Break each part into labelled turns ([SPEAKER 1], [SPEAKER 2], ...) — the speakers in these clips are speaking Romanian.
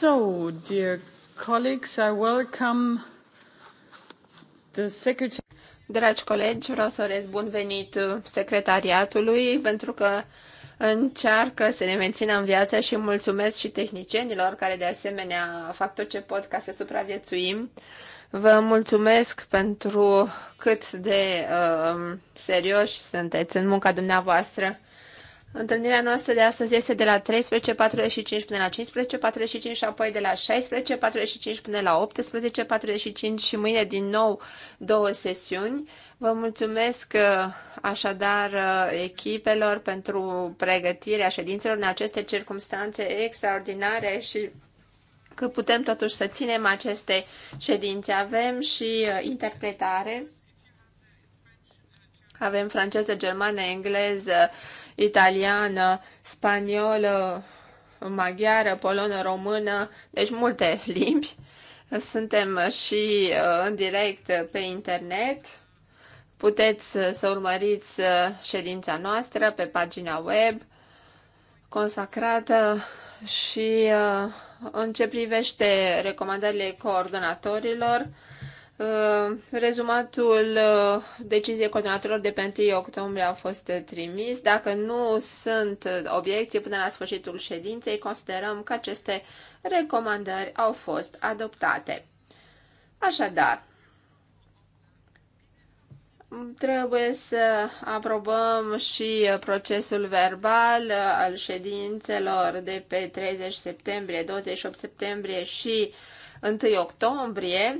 [SPEAKER 1] So, dear colleagues, I welcome
[SPEAKER 2] the secretary. Dragi colegi, vreau să urez bun venit uh, secretariatului pentru că încearcă să ne mențină în viață și mulțumesc și tehnicienilor care de asemenea fac tot ce pot ca să supraviețuim. Vă mulțumesc pentru cât de uh, serioși sunteți în munca dumneavoastră. Întâlnirea noastră de astăzi este de la 13.45 până la 15.45 și apoi de la 16.45 până la 18.45 și mâine din nou două sesiuni. Vă mulțumesc uh, așadar uh, echipelor pentru pregătirea ședințelor în aceste circunstanțe extraordinare și că putem totuși să ținem aceste ședințe. Avem și uh, interpretare. Avem franceză, germană, engleză, italiană, spaniolă, maghiară, polonă, română, deci multe limbi. Suntem și uh, în direct pe internet. Puteți uh, să urmăriți uh, ședința noastră pe pagina web consacrată și în ce privește recomandările coordonatorilor, Uh, rezumatul uh, deciziei coordonatorilor de pe 1 octombrie a fost trimis. Dacă nu sunt obiecții până la sfârșitul ședinței, considerăm că aceste recomandări au fost adoptate. Așadar, trebuie să aprobăm și procesul verbal al ședințelor de pe 30 septembrie, 28 septembrie și 1 octombrie.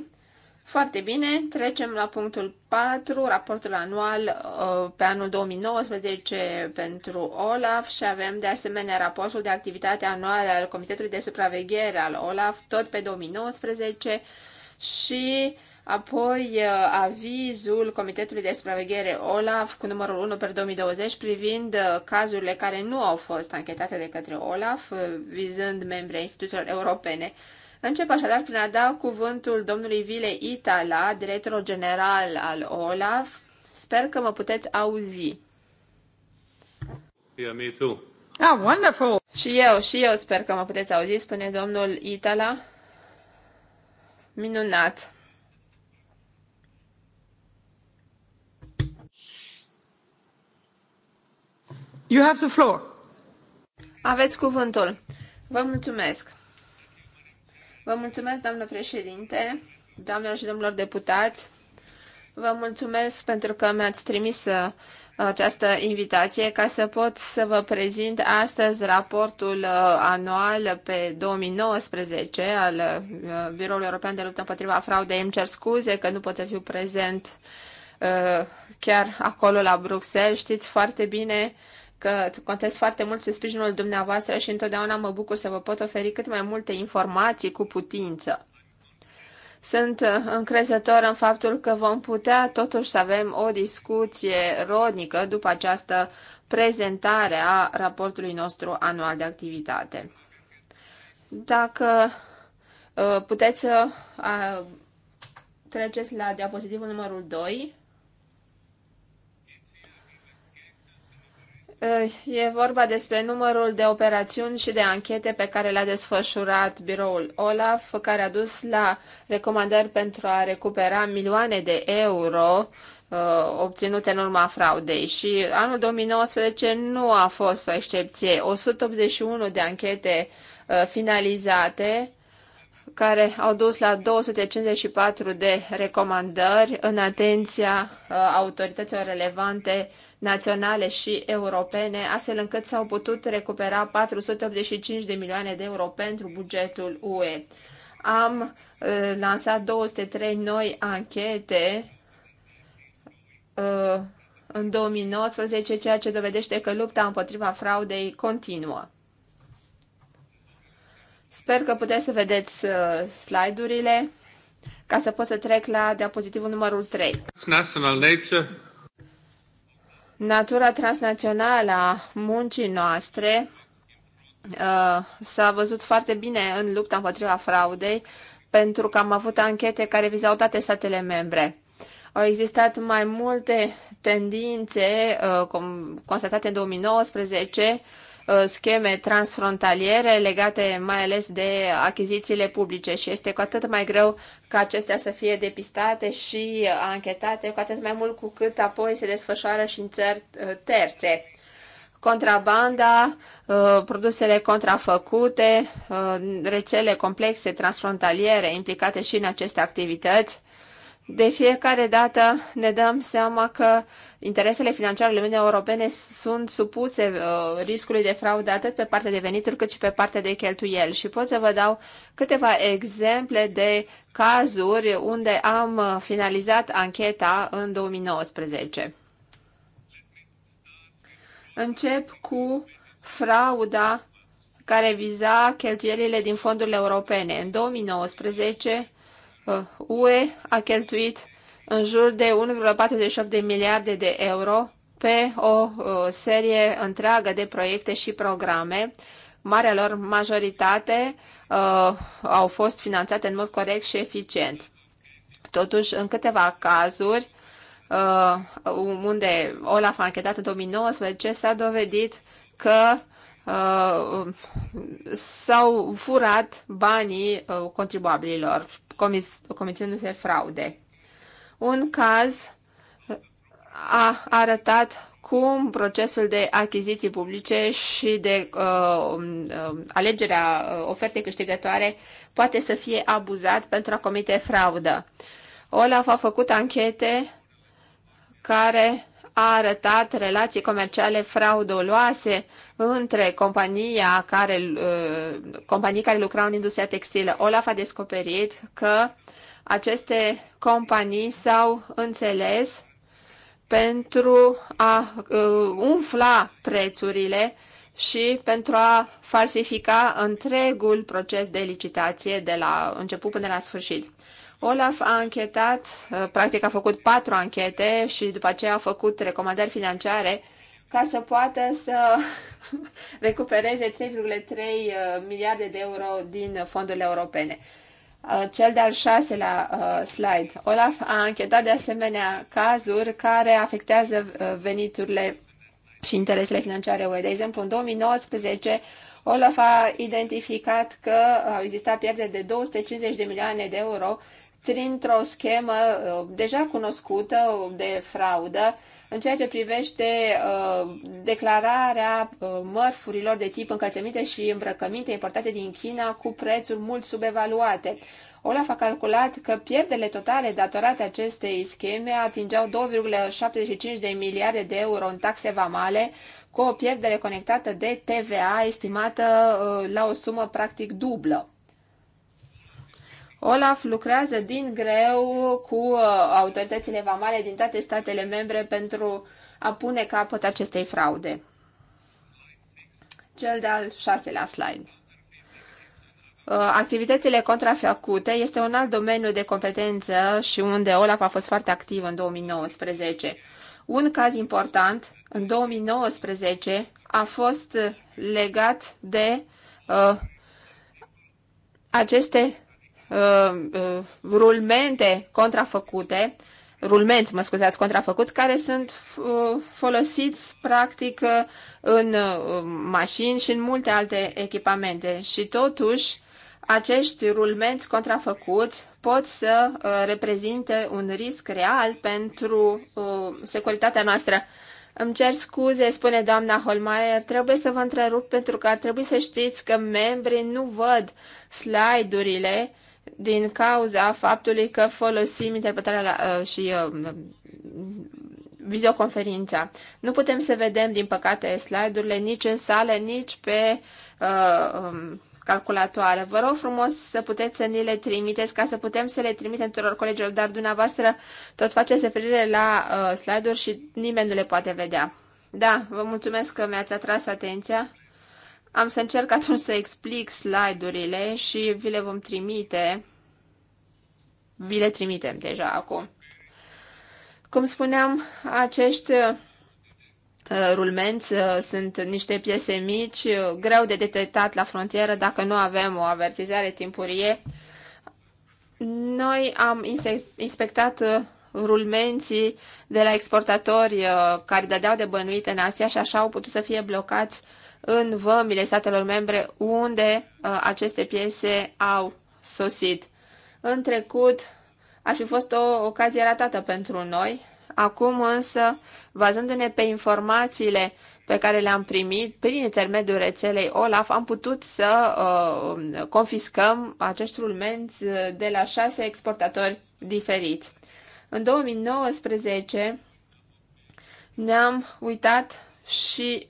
[SPEAKER 2] Foarte bine, trecem la punctul 4, raportul anual uh, pe anul 2019 pentru OLAF și avem de asemenea raportul de activitate anuală al Comitetului de Supraveghere al OLAF, tot pe 2019 și apoi uh, avizul Comitetului de Supraveghere OLAF cu numărul 1 per 2020 privind uh, cazurile care nu au fost anchetate de către OLAF, vizând membrii instituțiilor europene. Încep așadar prin a da cuvântul domnului Vile Itala, directorul general al OLAF. Sper că mă puteți auzi. Yeah, me too. Ah, wonderful! Și eu, și eu sper că mă puteți auzi, spune domnul Itala. Minunat!
[SPEAKER 1] You have the floor.
[SPEAKER 2] Aveți cuvântul. Vă mulțumesc. Vă mulțumesc, doamnă președinte, doamnelor și domnilor deputați. Vă mulțumesc pentru că mi-ați trimis uh, această invitație ca să pot să vă prezint astăzi raportul uh, anual pe 2019 al uh, Biroului European de Luptă împotriva Fraudei. Îmi cer scuze că nu pot să fiu prezent chiar acolo la Bruxelles. Știți foarte bine că contez foarte mult pe sprijinul dumneavoastră și întotdeauna mă bucur să vă pot oferi cât mai multe informații cu putință. Sunt uh, încrezător în faptul că vom putea totuși să avem o discuție rodnică după această prezentare a raportului nostru anual de activitate. Dacă uh, puteți să uh, treceți la diapozitivul numărul 2, Eh, e vorba despre numărul de operațiuni și de anchete pe care le-a desfășurat biroul OLAF, care a dus la recomandări pentru a recupera milioane de euro eh, obținute în urma fraudei și anul 2019 nu a fost o excepție. 181 de anchete eh, finalizate care au dus la 254 de recomandări în atenția uh, autorităților relevante naționale și europene, astfel încât s-au putut recupera 485 de milioane de euro pentru bugetul UE. Am uh, lansat 203 noi anchete uh, în 2019, ceea ce dovedește că lupta împotriva fraudei continuă. Sper că puteți să vedeți uh, slide-urile ca să pot să trec la diapozitivul numărul 3.
[SPEAKER 3] National nature.
[SPEAKER 2] Natura transnațională a muncii noastre uh, s-a văzut foarte bine în lupta împotriva fraudei, pentru că am avut anchete care vizau toate statele membre. Au existat mai multe tendințe uh, constatate în 2019 Uh, scheme transfrontaliere legate mai ales de achizițiile publice și este cu atât mai greu ca acestea să fie depistate și anchetate, cu atât mai mult cu cât apoi se desfășoară și în țări uh, terțe. Contrabanda, uh, produsele contrafăcute, rețele complexe transfrontaliere implicate și în aceste activități, de fiecare dată ne dăm seama că interesele financiare ale Uniunii Europene sunt supuse uh, riscului de fraudă atât pe partea de venituri cât și pe partea de cheltuieli. Și pot să vă dau câteva exemple de cazuri unde am uh, finalizat ancheta în 2019. Încep cu frauda care viza cheltuielile din fondurile europene. În 2019, UE uh, a cheltuit în jur de 1,48 de miliarde de euro pe o uh, serie întreagă de proiecte și programe. Marea lor majoritate uh, au fost finanțate în mod corect și eficient. Totuși, în câteva cazuri, uh, unde Olaf a închetat în 2019, s-a dovedit că uh, s-au furat banii uh, contribuabililor comițindu-se fraude. Un caz uh, a arătat cum procesul de achiziții publice și de uh, um, uh alegerea uh, ofertei câștigătoare poate să fie abuzat pentru a comite fraudă. Olaf a făcut anchete care a arătat relații comerciale frauduloase între compania care, uh, companii care lucrau în industria textilă. Olaf a descoperit că aceste companii s-au înțeles pentru a uh, umfla prețurile și pentru a falsifica întregul proces de licitație de la început până la sfârșit. Olaf a anchetat, uh, practic a făcut patru anchete și după aceea a făcut recomandări financiare ca să poată să recupereze 3,3 uh, miliarde de euro din fondurile europene. Uh, cel de-al șaselea slide. Olaf a anchetat de asemenea cazuri care afectează veniturile și interesele financiare UE. De exemplu, în 2019, Olaf a identificat că au existat pierderi de 250 de milioane de euro printr-o schemă uh, deja cunoscută de fraudă în ceea ce privește uh, declararea uh, mărfurilor de tip încălțăminte și îmbrăcăminte importate din China cu prețuri mult subevaluate. Olaf a calculat că pierderile totale datorate acestei scheme atingeau 2,75 de miliarde de euro în taxe vamale, cu o pierdere conectată de TVA estimată la o sumă practic dublă. Olaf lucrează din greu cu uh, autoritățile vamale din toate statele membre pentru a pune capăt acestei fraude. Cel de-al șaselea slide. Uh, activitățile contrafăcute este un alt domeniu de competență și unde Olaf a fost foarte activ în 2019. Un caz important în 2019 a fost legat de uh, aceste Uh, uh, rulmente contrafăcute, rulmenți, mă scuzați, contrafăcuți, care sunt uh, folosiți practic în mașini și în multe alte echipamente. Și totuși, acești rulmenți contrafăcuți pot să reprezinte un risc real pentru securitatea noastră. Îmi cer scuze, spune doamna Holmeier, trebuie să vă întrerup pentru că ar trebui să știți că membrii nu văd slide-urile din cauza faptului că folosim interpretarea la, uh, și uh, videoconferința. Nu putem să vedem, din păcate, slide-urile nici în sală, nici pe uh, um, calculatoare. Vă rog frumos să puteți să ni le trimiteți ca să putem să le trimitem tuturor colegilor, dar dumneavoastră tot faceți referire la uh, slide-uri și nimeni nu le poate vedea. Da, vă mulțumesc că mi-ați atras atenția. Am să încerc atunci să explic slide-urile și vi le vom trimite. Vi le trimitem deja acum. Cum spuneam, acești uh, rulmenți uh, sunt niște piese mici, uh, greu de detectat la frontieră dacă nu avem o avertizare timpurie. Noi am inspectat rulmenții de la exportatori care dădeau de bănuit în Asia și așa au putut să fie blocați în vămile statelor membre unde uh, aceste piese au sosit. În trecut ar fi fost o ocazie ratată pentru noi, acum însă, bazându-ne pe informațiile pe care le-am primit prin intermediul rețelei OLAF, am putut să uh, confiscăm acești rulmenți uh, de la șase exportatori diferiți. În 2019 ne-am uitat și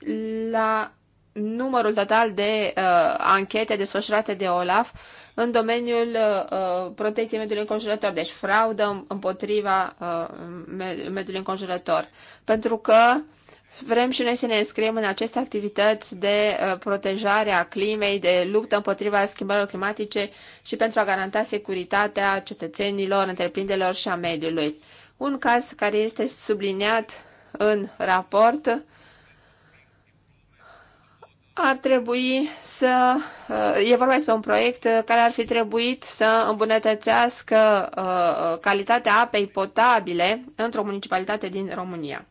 [SPEAKER 2] la numărul total de uh, anchete desfășurate de OLAF în domeniul uh, protecției mediului înconjurător, deci fraudă împotriva uh, mediului înconjurător. Pentru că vrem și noi să ne înscriem în aceste activități de uh, protejare a climei, de luptă împotriva schimbărilor climatice și pentru a garanta securitatea cetățenilor, întreprinderilor și a mediului. Un caz care este subliniat în raport ar trebui să... Uh, e vorba despre un proiect uh, care ar fi trebuit să îmbunătățească uh, calitatea apei potabile într-o municipalitate din România.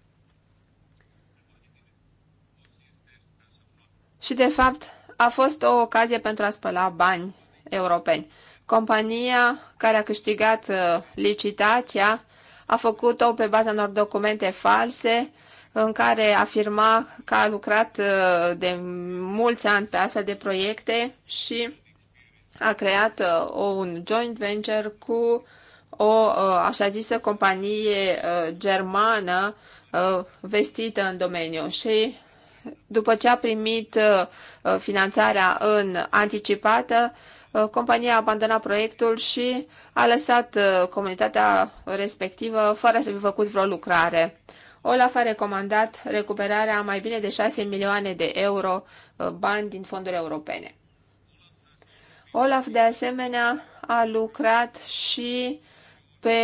[SPEAKER 2] Și, de fapt, a fost o ocazie pentru a spăla bani europeni. Compania care a câștigat licitația a făcut-o pe baza unor documente false, în care afirma că a lucrat uh, de mulți ani pe astfel de proiecte și a creat uh, un joint venture cu o uh, așa zisă companie germană vestită în domeniu și după ce a primit finanțarea în anticipată, compania a abandonat proiectul și a lăsat comunitatea respectivă fără să fi făcut vreo lucrare. Olaf a recomandat recuperarea a mai bine de 6 milioane de euro uh, bani din fonduri europene. Olaf, de asemenea, a lucrat și pe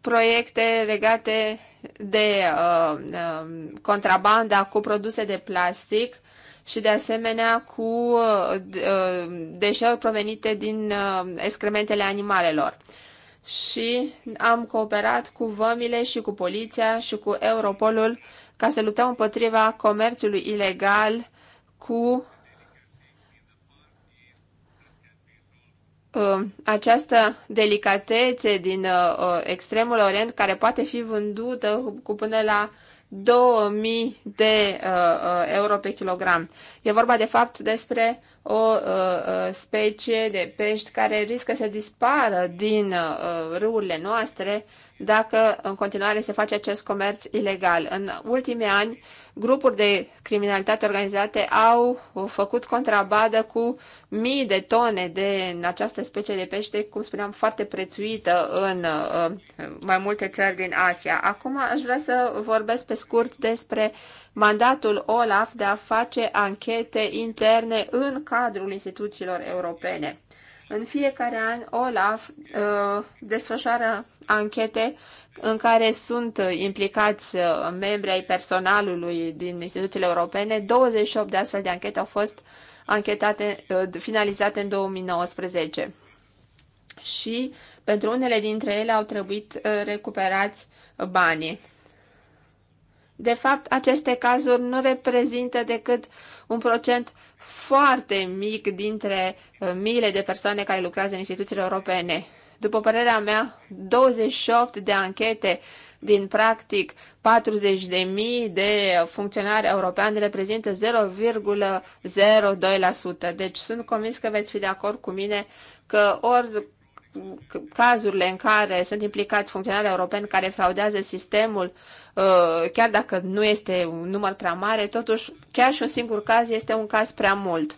[SPEAKER 2] proiecte legate de uh, uh, contrabanda cu produse de plastic și de asemenea cu uh, uh deșeuri provenite din uh, excrementele animalelor și am cooperat cu vămile și cu poliția și cu Europolul ca să luptăm împotriva comerțului ilegal cu uh, această delicatețe din uh, uh, extremul orient care poate fi vândută cu până la 2000 de uh, uh, euro pe kilogram. E vorba de fapt despre o uh, uh, specie de pești care riscă să dispară din uh, râurile noastre dacă în continuare se face acest comerț ilegal. În ultimii ani grupuri de criminalitate organizate au făcut contrabadă cu mii de tone de în această specie de pește, cum spuneam, foarte prețuită în uh, mai multe țări din Asia. Acum aș vrea să vorbesc pe scurt despre mandatul OLAF de a face anchete interne în cadrul instituțiilor europene. În fiecare an, OLAF uh, desfășoară anchete în care sunt uh, implicați uh, membri ai personalului din instituțiile europene. 28 de astfel de anchete au fost anchetate, uh, finalizate în 2019. Și pentru unele dintre ele au trebuit recuperați banii. De fapt, aceste cazuri nu reprezintă decât un procent foarte mic dintre miile de persoane care lucrează în instituțiile europene. După părerea mea, 28 de anchete din practic 40.000 de funcționari europeni reprezintă 0,02%. Deci sunt convins că veți fi de acord cu mine că ori cazurile în care sunt implicați funcționari europeni care fraudează sistemul, uh, chiar dacă nu este un număr prea mare, totuși chiar și un singur caz este un caz prea mult.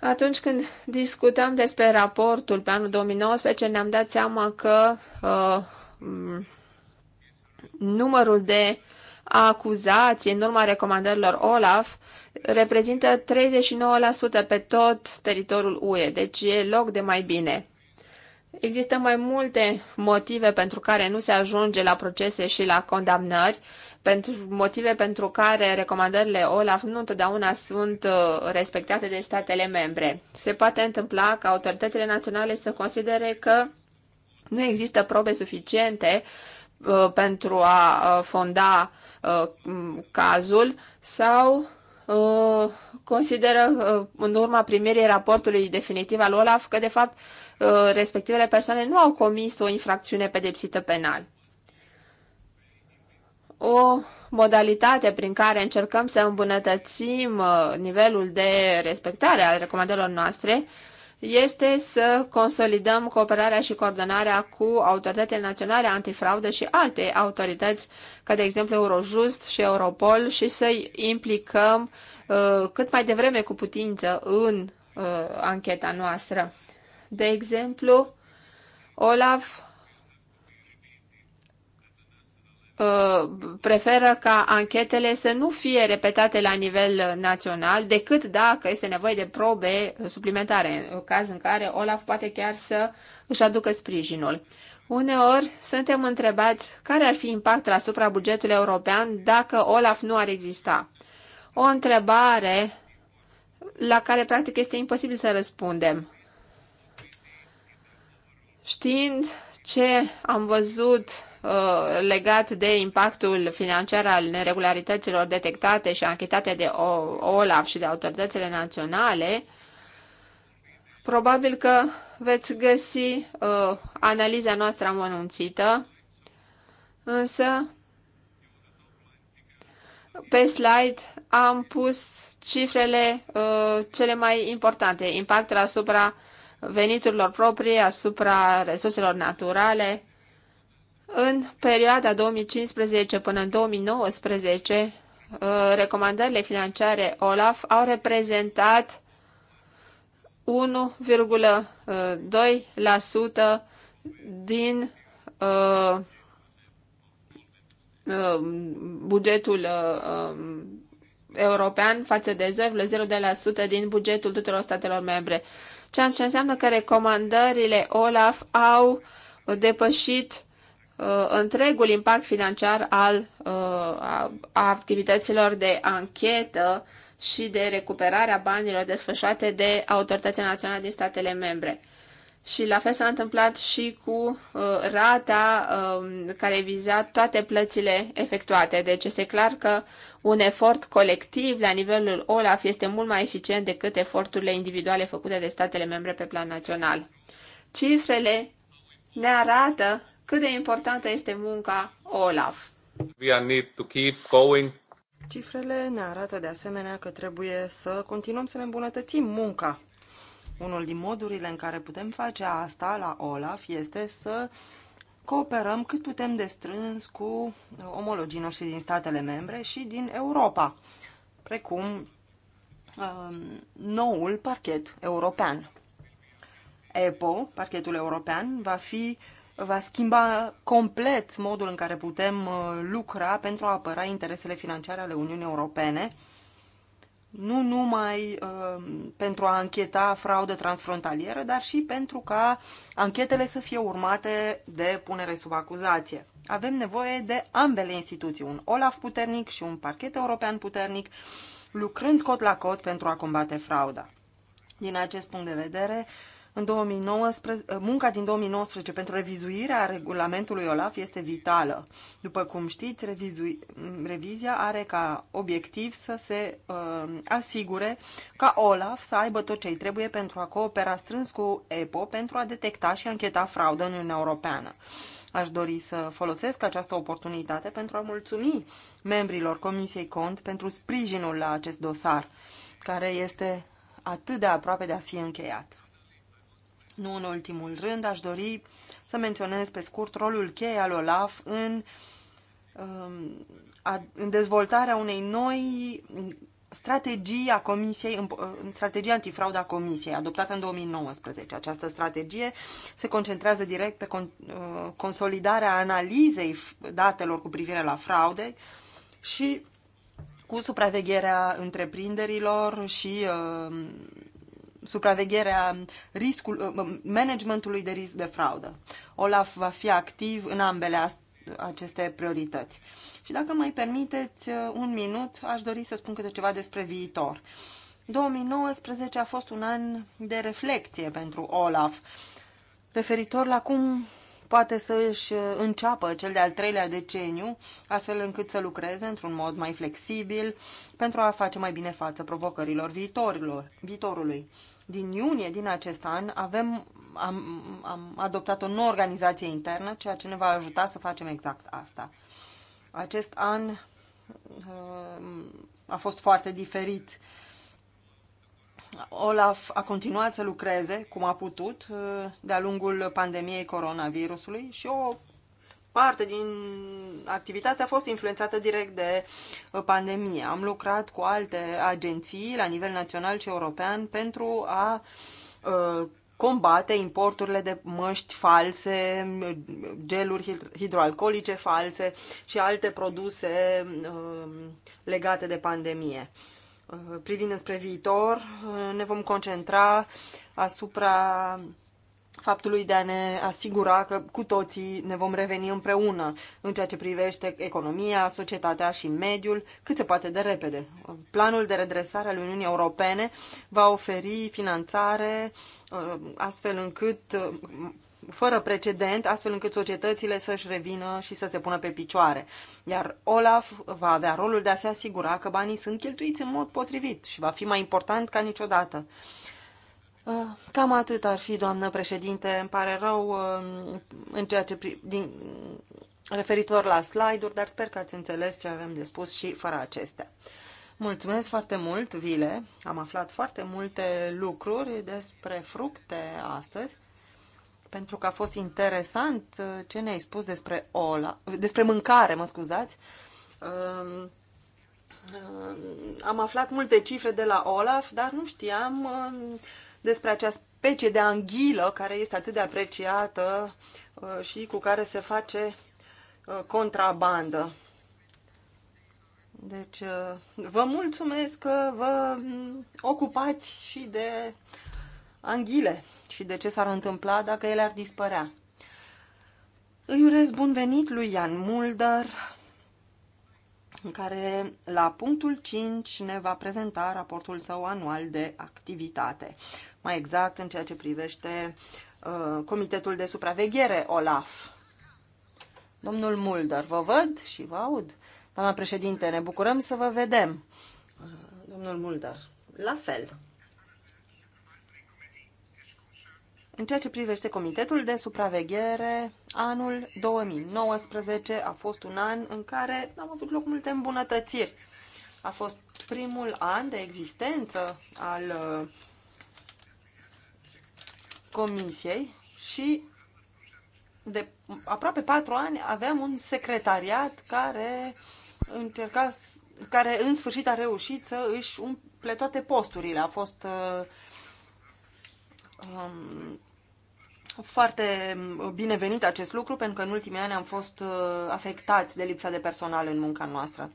[SPEAKER 2] Atunci când discutăm despre raportul pe anul 2019, ne-am dat seama că uh, numărul de acuzații în urma recomandărilor OLAF reprezintă 39% pe tot teritoriul UE, deci e loc de mai bine. Există mai multe motive pentru care nu se ajunge la procese și la condamnări, pentru motive pentru care recomandările OLAF nu întotdeauna sunt uh, respectate de statele membre. Se poate întâmpla ca autoritățile naționale să considere că nu există probe suficiente uh, pentru a uh, fonda cazul sau consideră în urma primirii raportului definitiv al OLAF că de fapt respectivele persoane nu au comis o infracțiune pedepsită penal o modalitate prin care încercăm să îmbunătățim uh, nivelul de respectare al recomandărilor noastre este să consolidăm cooperarea și coordonarea cu autoritățile naționale antifraudă și alte autorități, ca de exemplu Eurojust și Europol, și să-i implicăm uh, cât mai devreme cu putință în uh, ancheta noastră. De exemplu, Olaf Uh, preferă ca anchetele să nu fie repetate la nivel național, decât dacă este nevoie de probe suplimentare, în caz în care Olaf poate chiar să își aducă sprijinul. Uneori suntem întrebați care ar fi impactul asupra bugetului european dacă Olaf nu ar exista. O întrebare la care practic este imposibil să răspundem. Știind ce am văzut Uh, legat de impactul financiar al neregularităților detectate și anchetate de OLAF și de autoritățile naționale, probabil că veți găsi uh, analiza noastră amănunțită, însă pe slide am pus cifrele uh, cele mai importante, impactul asupra veniturilor proprii, asupra resurselor naturale, în perioada 2015 până în 2019, uh, recomandările financiare OLAF au reprezentat 1,2% uh, din uh, bugetul um, european față de 0,02% din bugetul tuturor statelor membre. Ceea ce înseamnă că recomandările OLAF au depășit Uh, întregul impact financiar al uh, a, a activităților de anchetă și de recuperare a banilor desfășurate de autoritățile naționale din statele membre. Și la fel s-a întâmplat și cu uh, rata uh, care viza toate plățile efectuate. Deci este clar că un efort colectiv la nivelul OLAF este mult mai eficient decât eforturile individuale făcute de statele membre pe plan național. Cifrele ne arată cât de importantă este munca OLAF.
[SPEAKER 3] We need to keep going.
[SPEAKER 4] Cifrele ne arată de asemenea că trebuie să continuăm să ne îmbunătățim munca. Unul din modurile în care putem face asta la OLAF este să cooperăm cât putem de strâns cu omologii noștri din statele membre și din Europa, precum uh, noul parchet european. EPO, parchetul european, va fi uh, va schimba complet modul în care putem uh, lucra pentru a apăra interesele financiare ale Uniunii Europene, nu numai uh, pentru a încheta fraudă transfrontalieră, dar și pentru ca anchetele să fie urmate de punere sub acuzație. Avem nevoie de ambele instituții, un OLAF puternic și un parchet european puternic, lucrând cot la cot pentru a combate frauda. Din acest punct de vedere, uh, în 2019, eh, munca din 2019 pentru revizuirea regulamentului OLAF este vitală. După cum știți, revizui, mm, revizia are ca obiectiv să se uh, asigure ca OLAF să aibă tot ce îi trebuie pentru a coopera strâns cu EPO pentru a detecta și ancheta fraudă în Uniunea Europeană. Aș dori să folosesc această oportunitate pentru a mulțumi membrilor Comisiei Cont pentru sprijinul la acest dosar, care este atât de aproape de a fi încheiat. Nu în ultimul rând, aș dori să menționez pe scurt rolul cheie al OLAF în, um, în dezvoltarea unei noi strategii a Comisiei, strategia antifrauda Comisiei, adoptată în 2019. Această strategie se concentrează direct pe uh, consolidarea analizei datelor cu privire la fraude și cu supravegherea întreprinderilor și uh, supravegherea riscul, uh, managementului de risc de fraudă. Olaf va fi activ în ambele aceste priorități. Și dacă mai permiteți uh, un minut, aș dori să spun câte ceva despre viitor. 2019 a fost un an de reflecție pentru Olaf, referitor la cum poate să își uh, înceapă cel de-al treilea deceniu, astfel încât să lucreze într-un mod mai flexibil pentru a face mai bine față provocărilor viitorilor, viitorului din iunie din acest an avem, am, am adoptat o nouă organizație internă, ceea ce ne va ajuta să facem exact asta. Acest an uh, a fost foarte diferit. Olaf a continuat să lucreze cum a putut uh, de-a lungul pandemiei coronavirusului și o parte din activitatea a fost influențată direct de uh, pandemie. Am lucrat cu alte agenții la nivel național și european pentru a uh, combate importurile de măști false, geluri hidroalcoolice false și alte produse uh, legate de pandemie. Privind spre viitor, ne vom concentra asupra faptului de a ne asigura că cu toții ne vom reveni împreună în ceea ce privește economia, societatea și mediul cât se poate de repede. Planul de redresare al Uniunii Europene va oferi finanțare uh, astfel încât uh, fără precedent, astfel încât societățile să-și revină și să se pună pe picioare. Iar Olaf va avea rolul de a se asigura că banii sunt cheltuiți în mod potrivit și va fi mai important ca niciodată. Ah, cam atât ar fi, doamnă președinte. Îmi pare rău um, în ceea ce pri... din... referitor la slide-uri, dar sper că ați înțeles ce avem de spus și fără acestea. Mulțumesc foarte mult, Vile. Am aflat foarte multe lucruri despre fructe astăzi, pentru că a fost interesant uh, ce ne-ai spus despre ola, despre mâncare, mă scuzați. Um, um, am aflat multe cifre de la Olaf, dar nu știam um, despre acea specie de anghilă care este atât de apreciată uh, și cu care se face uh, contrabandă. Deci, uh, vă mulțumesc că vă mm, ocupați și de anghile și de ce s-ar întâmpla dacă ele ar dispărea. Îi urez bun venit lui Ian Mulder în care la punctul 5 ne va prezenta raportul său anual de activitate. Mai exact în ceea ce privește uh, Comitetul de Supraveghere OLAF. Domnul Mulder, vă văd și vă aud. Doamna președinte, ne bucurăm să vă vedem. Uh, domnul Mulder, la fel. În ceea ce privește Comitetul de Supraveghere, anul 2019 a fost un an în care am avut loc multe îmbunătățiri. A fost primul an de existență al uh, Comisiei și de aproape patru ani aveam un secretariat care încerca, care în sfârșit a reușit să își umple toate posturile. A fost uh, um, foarte binevenit acest lucru, pentru că în ultimii ani am fost uh, afectați de lipsa de personal în munca noastră.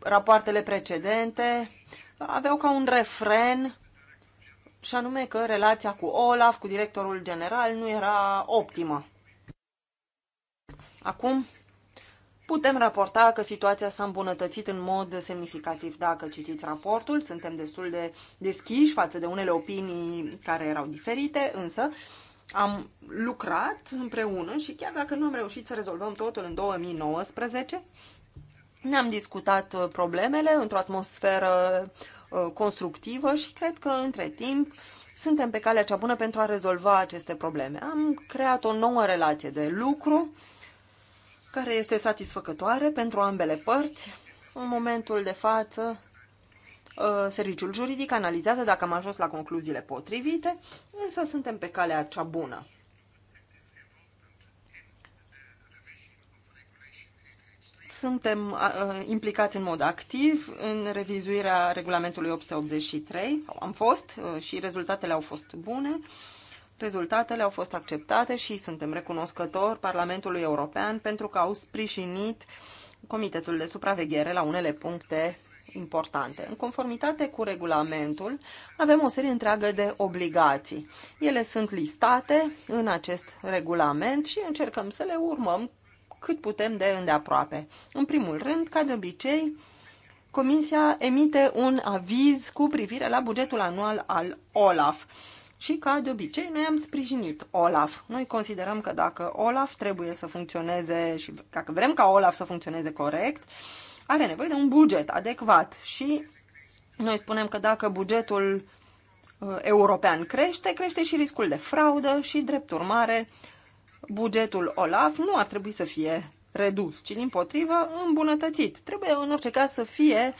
[SPEAKER 4] Rapoartele precedente aveau ca un refren și anume că relația cu Olaf, cu directorul general, nu era optimă. Acum putem raporta că situația s-a îmbunătățit în mod semnificativ. Dacă citiți raportul, suntem destul de deschiși față de unele opinii care erau diferite, însă am lucrat împreună și chiar dacă nu am reușit să rezolvăm totul în 2019, ne-am discutat uh, problemele într-o atmosferă uh, constructivă și cred că între timp suntem pe calea cea bună pentru a rezolva aceste probleme. Am creat o nouă relație de lucru care este satisfăcătoare pentru ambele părți. În momentul de față Uh, serviciul juridic analizează dacă am ajuns la concluziile potrivite, însă suntem pe calea cea bună. Suntem uh, uh implicați în mod activ în revizuirea regulamentului 883. Am fost uh, și rezultatele au fost bune. Rezultatele au fost acceptate și suntem recunoscători Parlamentului European pentru că au sprijinit Comitetul de Supraveghere la unele puncte importante. În conformitate cu regulamentul, avem o serie întreagă de obligații. Ele sunt listate în acest regulament și încercăm să le urmăm cât putem de îndeaproape. În primul rând, ca de obicei, Comisia emite un aviz cu privire la bugetul anual al OLAF. Și ca de obicei, noi am sprijinit Olaf. Noi considerăm că dacă Olaf trebuie să funcționeze și dacă vrem ca Olaf să funcționeze corect, are nevoie de un buget adecvat și noi spunem că dacă bugetul uh, european crește, crește și riscul de fraudă și, drept urmare, bugetul OLAF nu ar trebui să fie redus, ci, din potrivă, îmbunătățit. Trebuie, în orice caz, să fie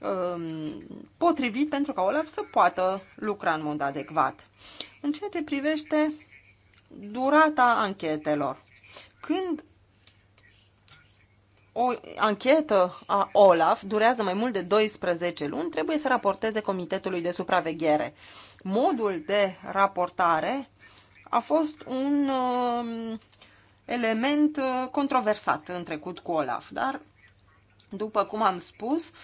[SPEAKER 4] um, potrivit pentru ca OLAF să poată lucra în mod adecvat. În ceea ce privește durata anchetelor, când o anchetă a OLAF durează mai mult de 12 luni, trebuie să raporteze Comitetului de Supraveghere. Modul de raportare a fost un um, uh, element controversat în trecut cu OLAF, dar, după cum am spus, uh,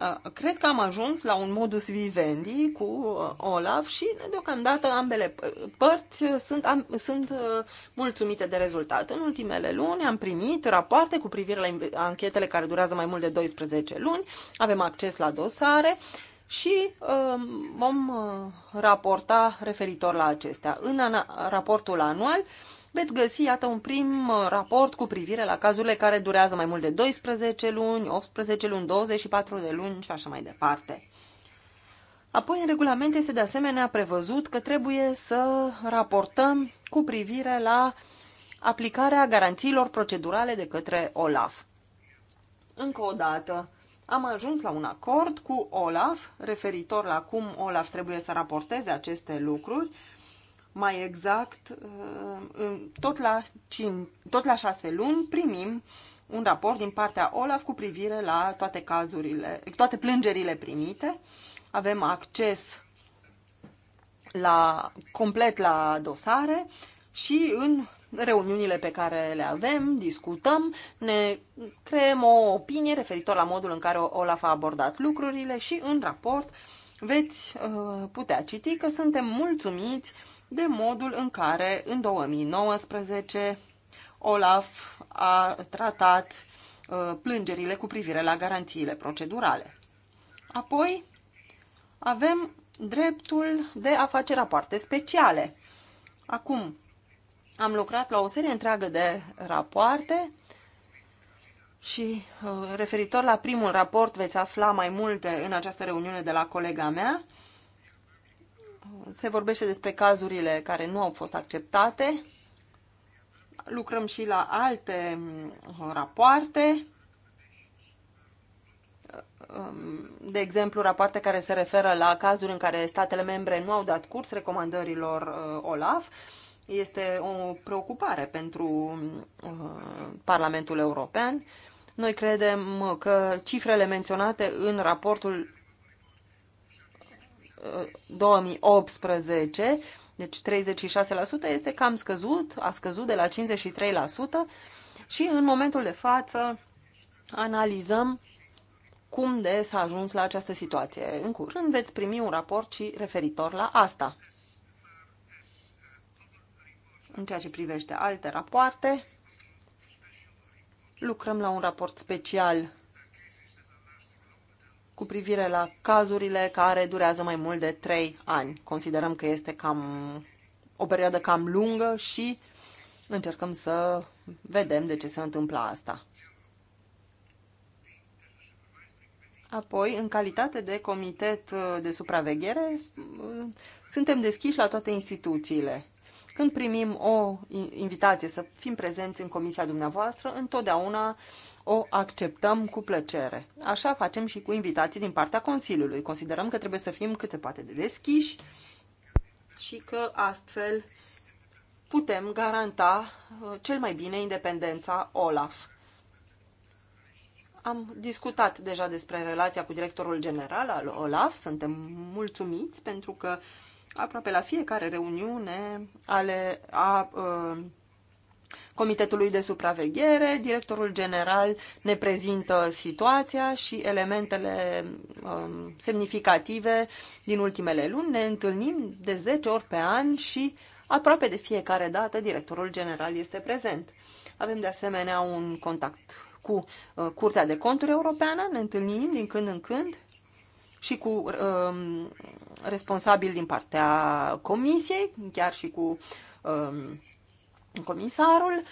[SPEAKER 4] Uh, cred că am ajuns la un modus vivendi cu uh, Olaf și deocamdată ambele părți sunt, am, sunt uh, mulțumite de rezultat. În ultimele luni am primit rapoarte cu privire la anchetele care durează mai mult de 12 luni, avem acces la dosare și um, vom raporta referitor la acestea. În raportul anual veți găsi, iată, un prim uh, raport cu privire la cazurile care durează mai mult de 12 luni, 18 luni, 24 de luni și așa mai departe. Apoi, în regulament este de asemenea prevăzut că trebuie să raportăm cu privire la aplicarea garanțiilor procedurale de către OLAF. Încă o dată, am ajuns la un acord cu OLAF referitor la cum OLAF trebuie să raporteze aceste lucruri mai exact, uh, tot la, 5, tot la 6 luni primim un raport din partea OLAF cu privire la toate cazurile, toate plângerile primite. Avem acces la, complet la dosare și în reuniunile pe care le avem, discutăm, ne creăm o opinie referitor la modul în care Olaf a abordat lucrurile și în raport veți uh, putea citi că suntem mulțumiți uh, de modul în care în 2019 Olaf a tratat uh, plângerile cu privire la garanțiile procedurale. Apoi avem dreptul de a face rapoarte speciale. Acum am lucrat la o serie întreagă de rapoarte și uh, referitor la primul raport veți afla mai multe în această reuniune de la colega mea se vorbește despre cazurile care nu au fost acceptate. Lucrăm și la alte mm, rapoarte, mm, de exemplu, rapoarte care se referă la cazuri în care statele membre nu au dat curs recomandărilor uh, OLAF. Este o preocupare pentru uh, Parlamentul European. Noi credem că cifrele menționate în raportul 2018, deci 36% este cam scăzut, a scăzut de la 53% și în momentul de față analizăm cum de s-a ajuns la această situație. În curând veți primi un raport și referitor la asta. În ceea ce privește alte rapoarte, lucrăm la un raport special cu privire la cazurile care durează mai mult de 3 ani. Considerăm că este cam o perioadă cam lungă și încercăm să vedem de ce se întâmplă asta. Apoi, în calitate de comitet uh, de supraveghere, uh, suntem deschiși la toate instituțiile. Când primim o invitație să fim prezenți în comisia dumneavoastră, întotdeauna uh, o acceptăm cu plăcere. Așa facem și cu invitații din partea Consiliului. Considerăm că trebuie să fim cât se poate de deschiși și că astfel putem garanta uh, cel mai bine independența OLAF. Am discutat deja despre relația cu directorul general al OLAF. Suntem mulțumiți pentru că aproape la fiecare reuniune ale a, a uh, Comitetului de Supraveghere. Directorul general ne prezintă situația și elementele um, semnificative din ultimele luni. Ne întâlnim de 10 ori pe an și aproape de fiecare dată directorul general este prezent. Avem de asemenea un contact cu uh, Curtea de Conturi Europeană, ne întâlnim din când în când și cu um, responsabil din partea comisiei, chiar și cu um, comisarul.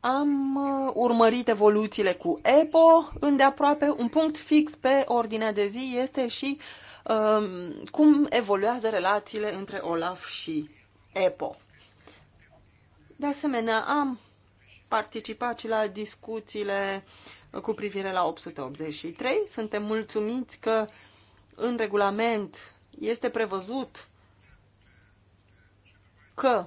[SPEAKER 4] Am uh, urmărit evoluțiile cu EPO îndeaproape. Un punct fix pe ordinea de zi este și um, cum evoluează relațiile între OLAF și EPO. De asemenea, am participat și la discuțiile cu privire la 883. Suntem mulțumiți că în regulament este prevăzut că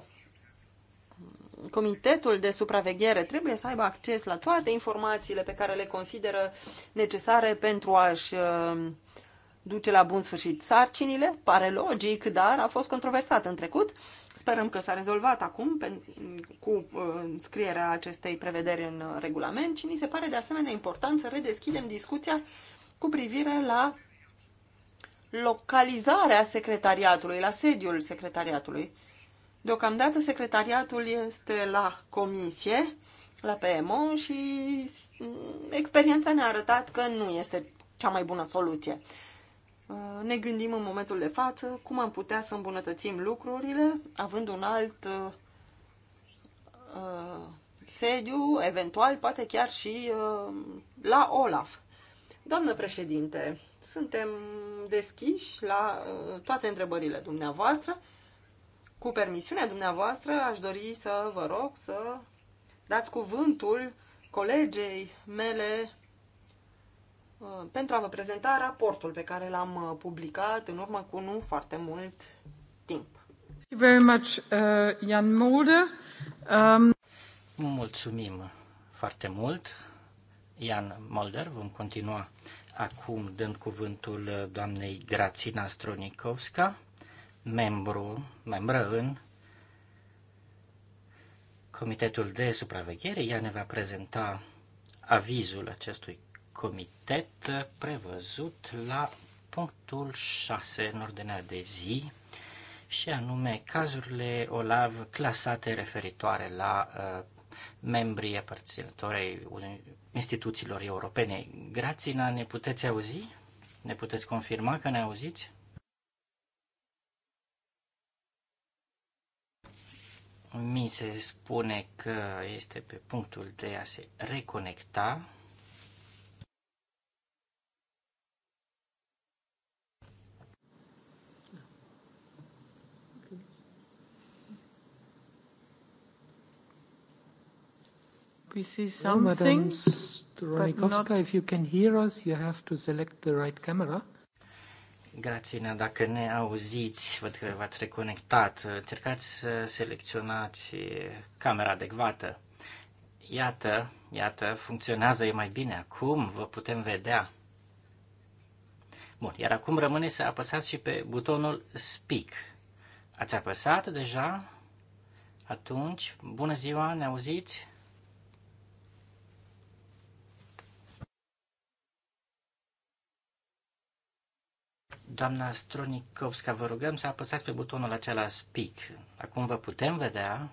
[SPEAKER 4] comitetul de supraveghere trebuie să aibă acces la toate informațiile pe care le consideră necesare pentru a-și uh, duce la bun sfârșit sarcinile. Pare logic, dar a fost controversat în trecut. Sperăm că s-a rezolvat acum cu uh, scrierea acestei prevederi în uh, regulament și mi se pare de asemenea important să redeschidem discuția cu privire la localizarea secretariatului, la sediul secretariatului. Deocamdată secretariatul este la comisie, la PMO și mm, experiența ne-a arătat că nu este cea mai bună soluție. Uh, ne gândim în momentul de față cum am putea să îmbunătățim lucrurile, având un alt uh, uh, sediu, eventual, poate chiar și uh, la OLAF. Doamnă președinte, suntem deschiși la uh, toate întrebările dumneavoastră cu permisiunea dumneavoastră, aș dori să vă rog să dați cuvântul colegei mele uh, pentru a vă prezenta raportul pe care l-am uh, publicat în urmă cu nu foarte mult
[SPEAKER 3] timp. very much, uh, Jan Mulder. Um... Mulțumim foarte mult, Ian Mulder. Vom continua acum dând cuvântul doamnei Grațina Stronikovska, membru, membră în Comitetul de Supraveghere. Ea ne va prezenta avizul acestui comitet prevăzut la punctul 6 în ordinea de zi și anume cazurile OLAV clasate referitoare la uh, membrii aparținătorei instituțiilor europene. Grațina, ne puteți auzi? Ne puteți confirma că ne auziți? mi se spune că este pe punctul de a se reconecta.
[SPEAKER 1] We see something. well, Madam but not... if you can hear us, you have to select the right camera.
[SPEAKER 3] Nea. dacă ne auziți, văd că v-ați reconectat, încercați să selecționați camera adecvată. Iată, iată, funcționează, e mai bine acum, vă putem vedea. Bun, iar acum rămâne să apăsați și pe butonul Speak. Ați apăsat deja? Atunci, bună ziua, ne auziți? Doamna Stronikovska, vă rugăm să apăsați pe butonul acela Speak. Acum vă putem vedea.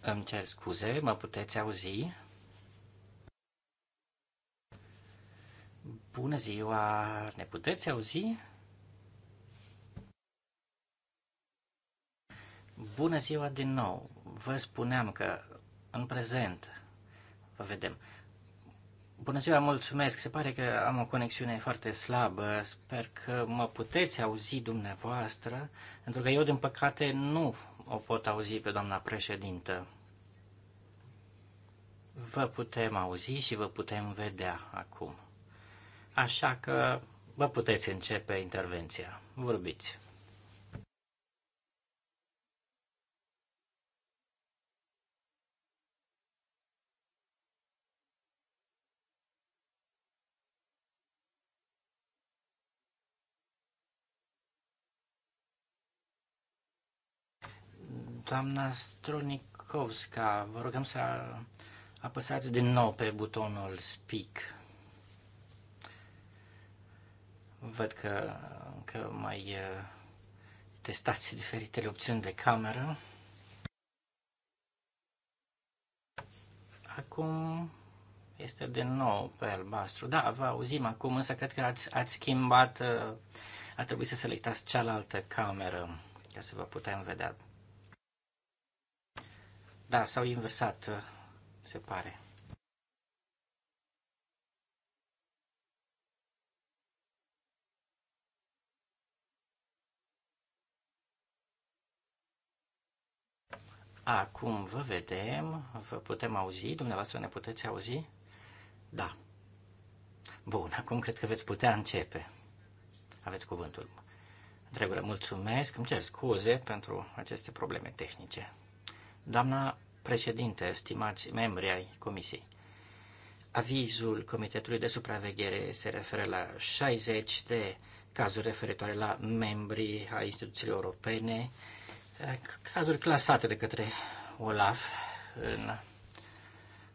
[SPEAKER 3] Îmi cer scuze, mă puteți auzi? Bună ziua, ne puteți auzi? Bună ziua din nou! Vă spuneam că în prezent vă vedem. Bună ziua, mulțumesc! Se pare că am o conexiune foarte slabă. Sper că mă puteți auzi dumneavoastră, pentru că eu, din păcate, nu o pot auzi pe doamna președintă. Vă putem auzi și vă putem vedea acum. Așa că vă puteți începe intervenția. Vorbiți. Doamna Stronikovska, vă rugăm să apăsați din nou pe butonul Speak. Văd că, că mai uh, testați diferitele opțiuni de cameră. Acum este din nou pe albastru. Da, vă auzim acum, însă cred că ați, ați schimbat, uh, a trebuit să selectați cealaltă cameră ca să vă putem vedea. Da, s-au inversat, uh, se pare. Acum vă vedem, vă putem auzi, dumneavoastră ne puteți auzi? Da. Bun, acum cred că veți putea începe. Aveți cuvântul. Dragule, mulțumesc, îmi cer scuze pentru aceste probleme tehnice. Doamna președinte, stimați membri ai Comisiei, avizul Comitetului de Supraveghere se referă la 60 de cazuri referitoare la membrii a instituțiilor europene, cazuri clasate de către OLAF în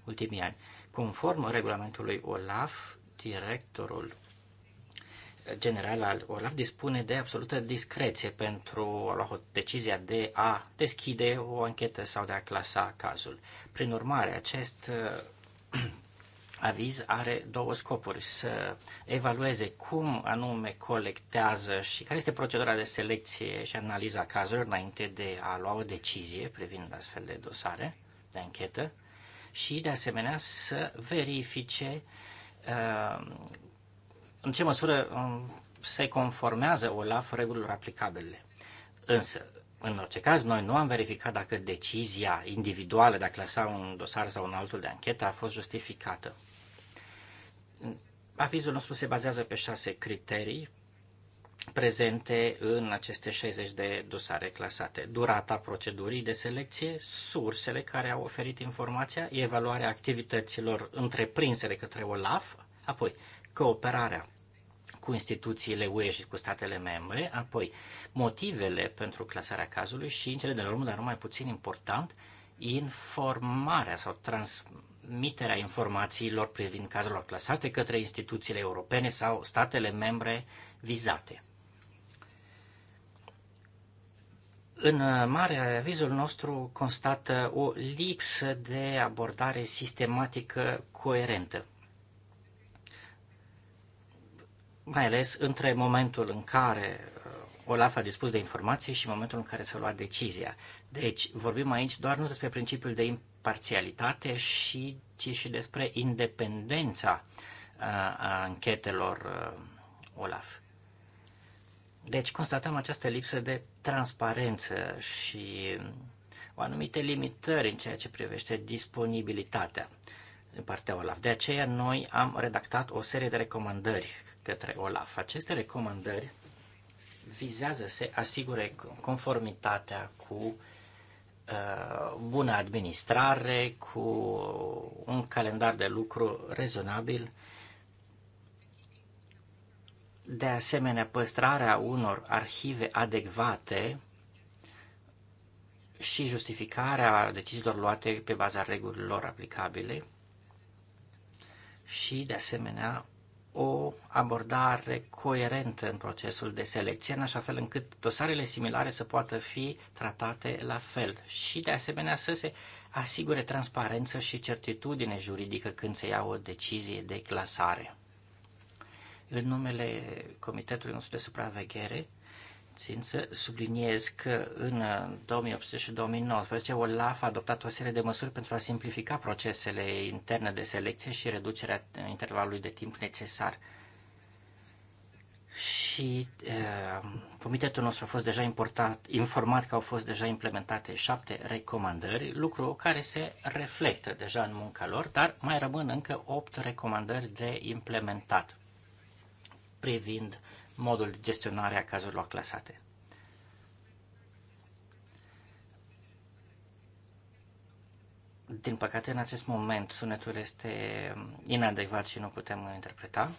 [SPEAKER 3] ultimii ani. Conform regulamentului OLAF, directorul general al OLAF dispune de absolută discreție pentru a lua decizia de a deschide o anchetă sau de a clasa cazul. Prin urmare, acest uh, aviz are două scopuri, să evalueze cum anume colectează și care este procedura de selecție și analiza cazurilor înainte de a lua o decizie privind astfel de dosare de anchetă și de asemenea să verifice uh, în ce măsură um, se conformează OLAF regulilor aplicabile. Însă, în orice caz, noi nu am verificat dacă decizia individuală de a clasa un dosar sau un altul de anchetă a fost justificată. Avizul nostru se bazează pe șase criterii prezente în aceste 60 de dosare clasate. Durata procedurii de selecție, sursele care au oferit informația, evaluarea activităților întreprinse de către OLAF, apoi cooperarea cu instituțiile UE și cu statele membre, apoi motivele pentru clasarea cazului și, în cele de la urmă, dar nu mai puțin important, informarea sau transmiterea informațiilor privind cazurilor clasate către instituțiile europene sau statele membre vizate. În mare, avizul nostru constată o lipsă de abordare sistematică coerentă mai ales între momentul în care uh, Olaf a dispus de informații și momentul în care s-a luat decizia. Deci, vorbim aici doar nu despre principiul de imparțialitate, și, ci și despre independența uh, a anchetelor uh, Olaf. Deci, constatăm această lipsă de transparență și um, o anumite limitări în ceea ce privește disponibilitatea din partea OLAF. De aceea noi am redactat o serie de recomandări către OLAF. Aceste recomandări vizează să asigure conformitatea cu uh, bună administrare, cu un calendar de lucru rezonabil, de asemenea păstrarea unor arhive adecvate și justificarea deciziilor luate pe baza regulilor aplicabile și, de asemenea, o abordare coerentă în procesul de selecție, în așa fel încât dosarele similare să poată fi tratate la fel și, de asemenea, să se asigure transparență și certitudine juridică când se ia o decizie de clasare. În numele Comitetului nostru de supraveghere, Țin să subliniez că în 2018 uh, și 2019 OLAF a adoptat o serie de măsuri pentru a simplifica procesele interne de selecție și reducerea uh, intervalului de timp necesar. Și uh, comitetul nostru a fost deja importat, informat că au fost deja implementate șapte recomandări, lucru care se reflectă deja în munca lor, dar mai rămân încă opt recomandări de implementat privind uh, modul de gestionare a cazurilor clasate. Din păcate, în acest moment, sunetul este inadecvat și nu putem interpreta.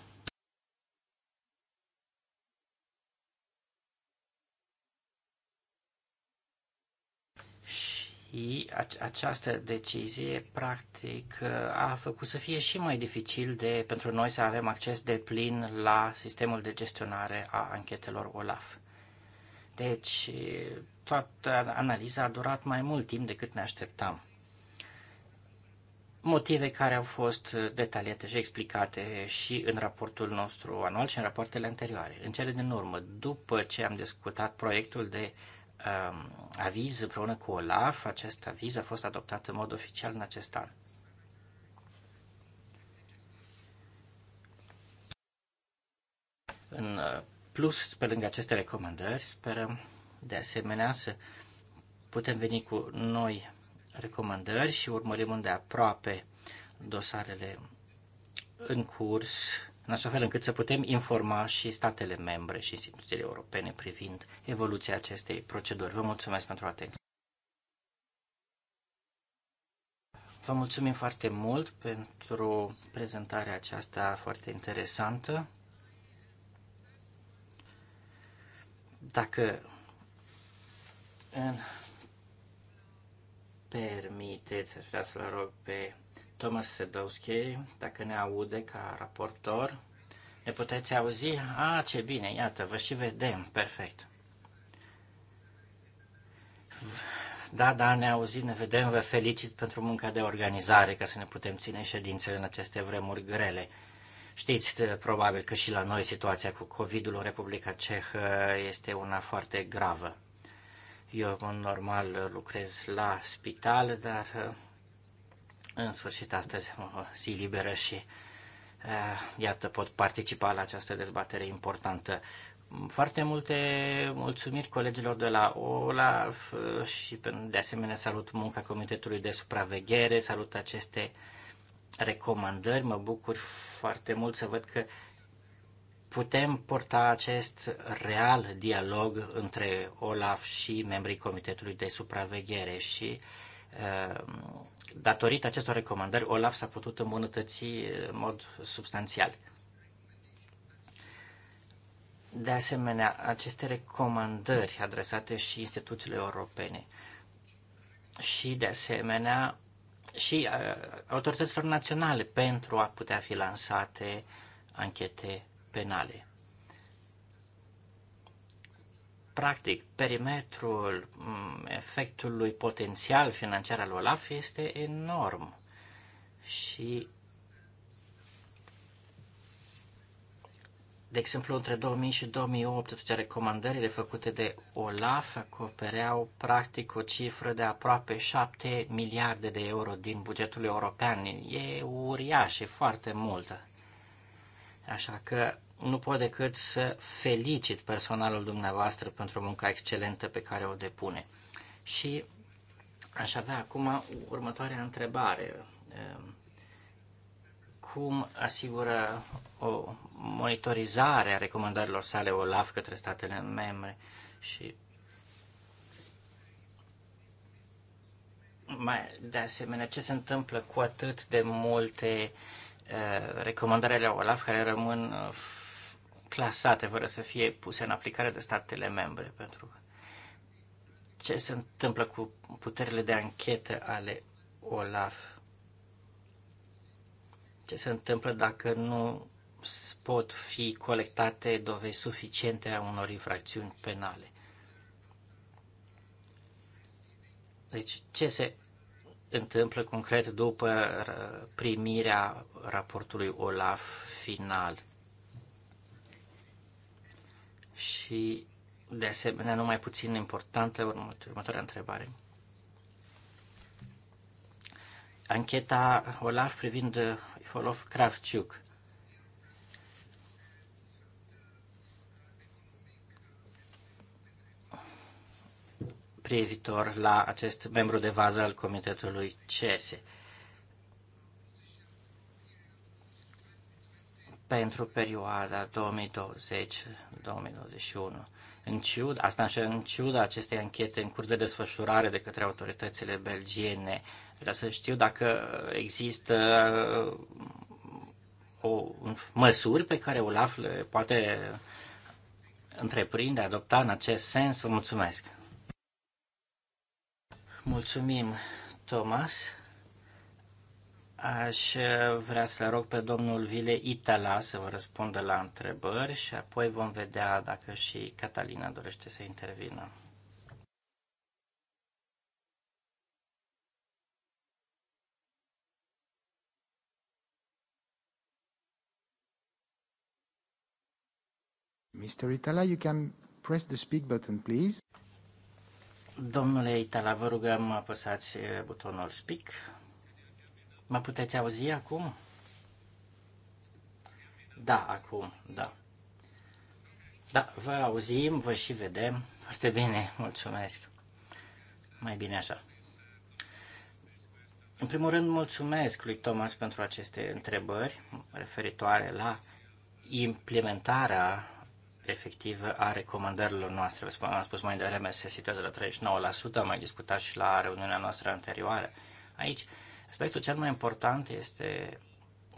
[SPEAKER 3] Și această decizie, practic, a făcut să fie și mai dificil de, pentru noi să avem acces de plin la sistemul de gestionare a anchetelor OLAF. Deci, toată analiza a durat mai mult timp decât ne așteptam. Motive care au fost detaliate și explicate și în raportul nostru anual și în rapoartele anterioare. În cele din urmă, după ce am discutat proiectul de uh, Um, aviz împreună cu OLAF. Acest aviz a fost adoptat în mod oficial în acest an. În uh, plus, pe lângă aceste recomandări, sperăm de asemenea să putem veni cu noi recomandări și urmărim aproape dosarele în curs în așa fel încât să putem informa și statele membre și instituțiile europene privind evoluția acestei proceduri. Vă mulțumesc pentru atenție. Vă mulțumim foarte mult pentru prezentarea aceasta foarte interesantă. Dacă îmi permiteți, aș vrea să-l rog pe Thomas Sedowski, dacă ne aude ca raportor, ne puteți auzi? A, ce bine, iată, vă și vedem, perfect. Da, da, ne auzim, ne vedem, vă felicit pentru munca de organizare, ca să ne putem ține ședințele în aceste vremuri grele. Știți, probabil că și la noi situația cu COVID-ul în Republica Cehă este una foarte gravă. Eu, în normal, lucrez la spital, dar în sfârșit, astăzi o uh, zi liberă și uh, iată, pot participa la această dezbatere importantă. Foarte multe mulțumiri colegilor de la OLAF uh, și de asemenea salut munca Comitetului de Supraveghere, salut aceste recomandări. Mă bucur foarte mult să văd că putem porta acest real dialog între OLAF și membrii Comitetului de Supraveghere și uh, datorită acestor recomandări, OLAF s-a putut îmbunătăți în mod substanțial. De asemenea, aceste recomandări adresate și instituțiile europene și, de asemenea, și uh, autorităților naționale pentru a putea fi lansate anchete penale. Practic, perimetrul mm, efectului potențial financiar al OLAF este enorm și De exemplu, între 2000 și 2008, recomandările făcute de OLAF acopereau practic o cifră de aproape 7 miliarde de euro din bugetul european. E uriaș, e foarte multă. Așa că nu pot decât să felicit personalul dumneavoastră pentru munca excelentă pe care o depune. Și aș avea acum următoarea întrebare. Ehm, cum asigură o monitorizare a recomandărilor sale OLAF către statele membre și mai, de asemenea, ce se întâmplă cu atât de multe uh, Uh, recomandările OLAF care rămân uh, clasate fără să fie puse în aplicare de statele membre, pentru ce se întâmplă cu puterile de anchetă ale OLAF? Ce se întâmplă dacă nu pot fi colectate dovezi suficiente a unor infracțiuni penale? Deci, ce se întâmplă concret după primirea raportului OLAF final. Și, de asemenea, nu mai puțin importantă, următoarea întrebare. Ancheta OLAF privind Ifolov Kravciuk. privitor la acest membru de vază al Comitetului CESE. pentru perioada 2020-2021. În ciuda, asta în ciuda acestei anchete în curs de desfășurare de către autoritățile belgiene, vreau să știu dacă există o, măsuri pe care ULAF le poate întreprinde, adopta în acest sens. Vă mulțumesc! Mulțumim, Thomas. Aș eh, vrea să rog pe domnul Vile Itala să vă răspundă la întrebări și apoi vom vedea dacă și Catalina dorește să intervină. Mr. Itala, you can press the speak button, please. Domnule Itala, vă rugăm apăsați eh, butonul speak. Mă puteți auzi acum? Da, acum, da. Da, vă auzim, vă și vedem. Foarte bine, mulțumesc. Mai bine așa. În primul rând, mulțumesc lui Thomas pentru aceste întrebări referitoare la implementarea efectiv a recomandărilor noastre. Vă spun, Am spus mai devreme, se situează la 39%, am mai discutat și la reuniunea noastră anterioară. Aici, aspectul cel mai important este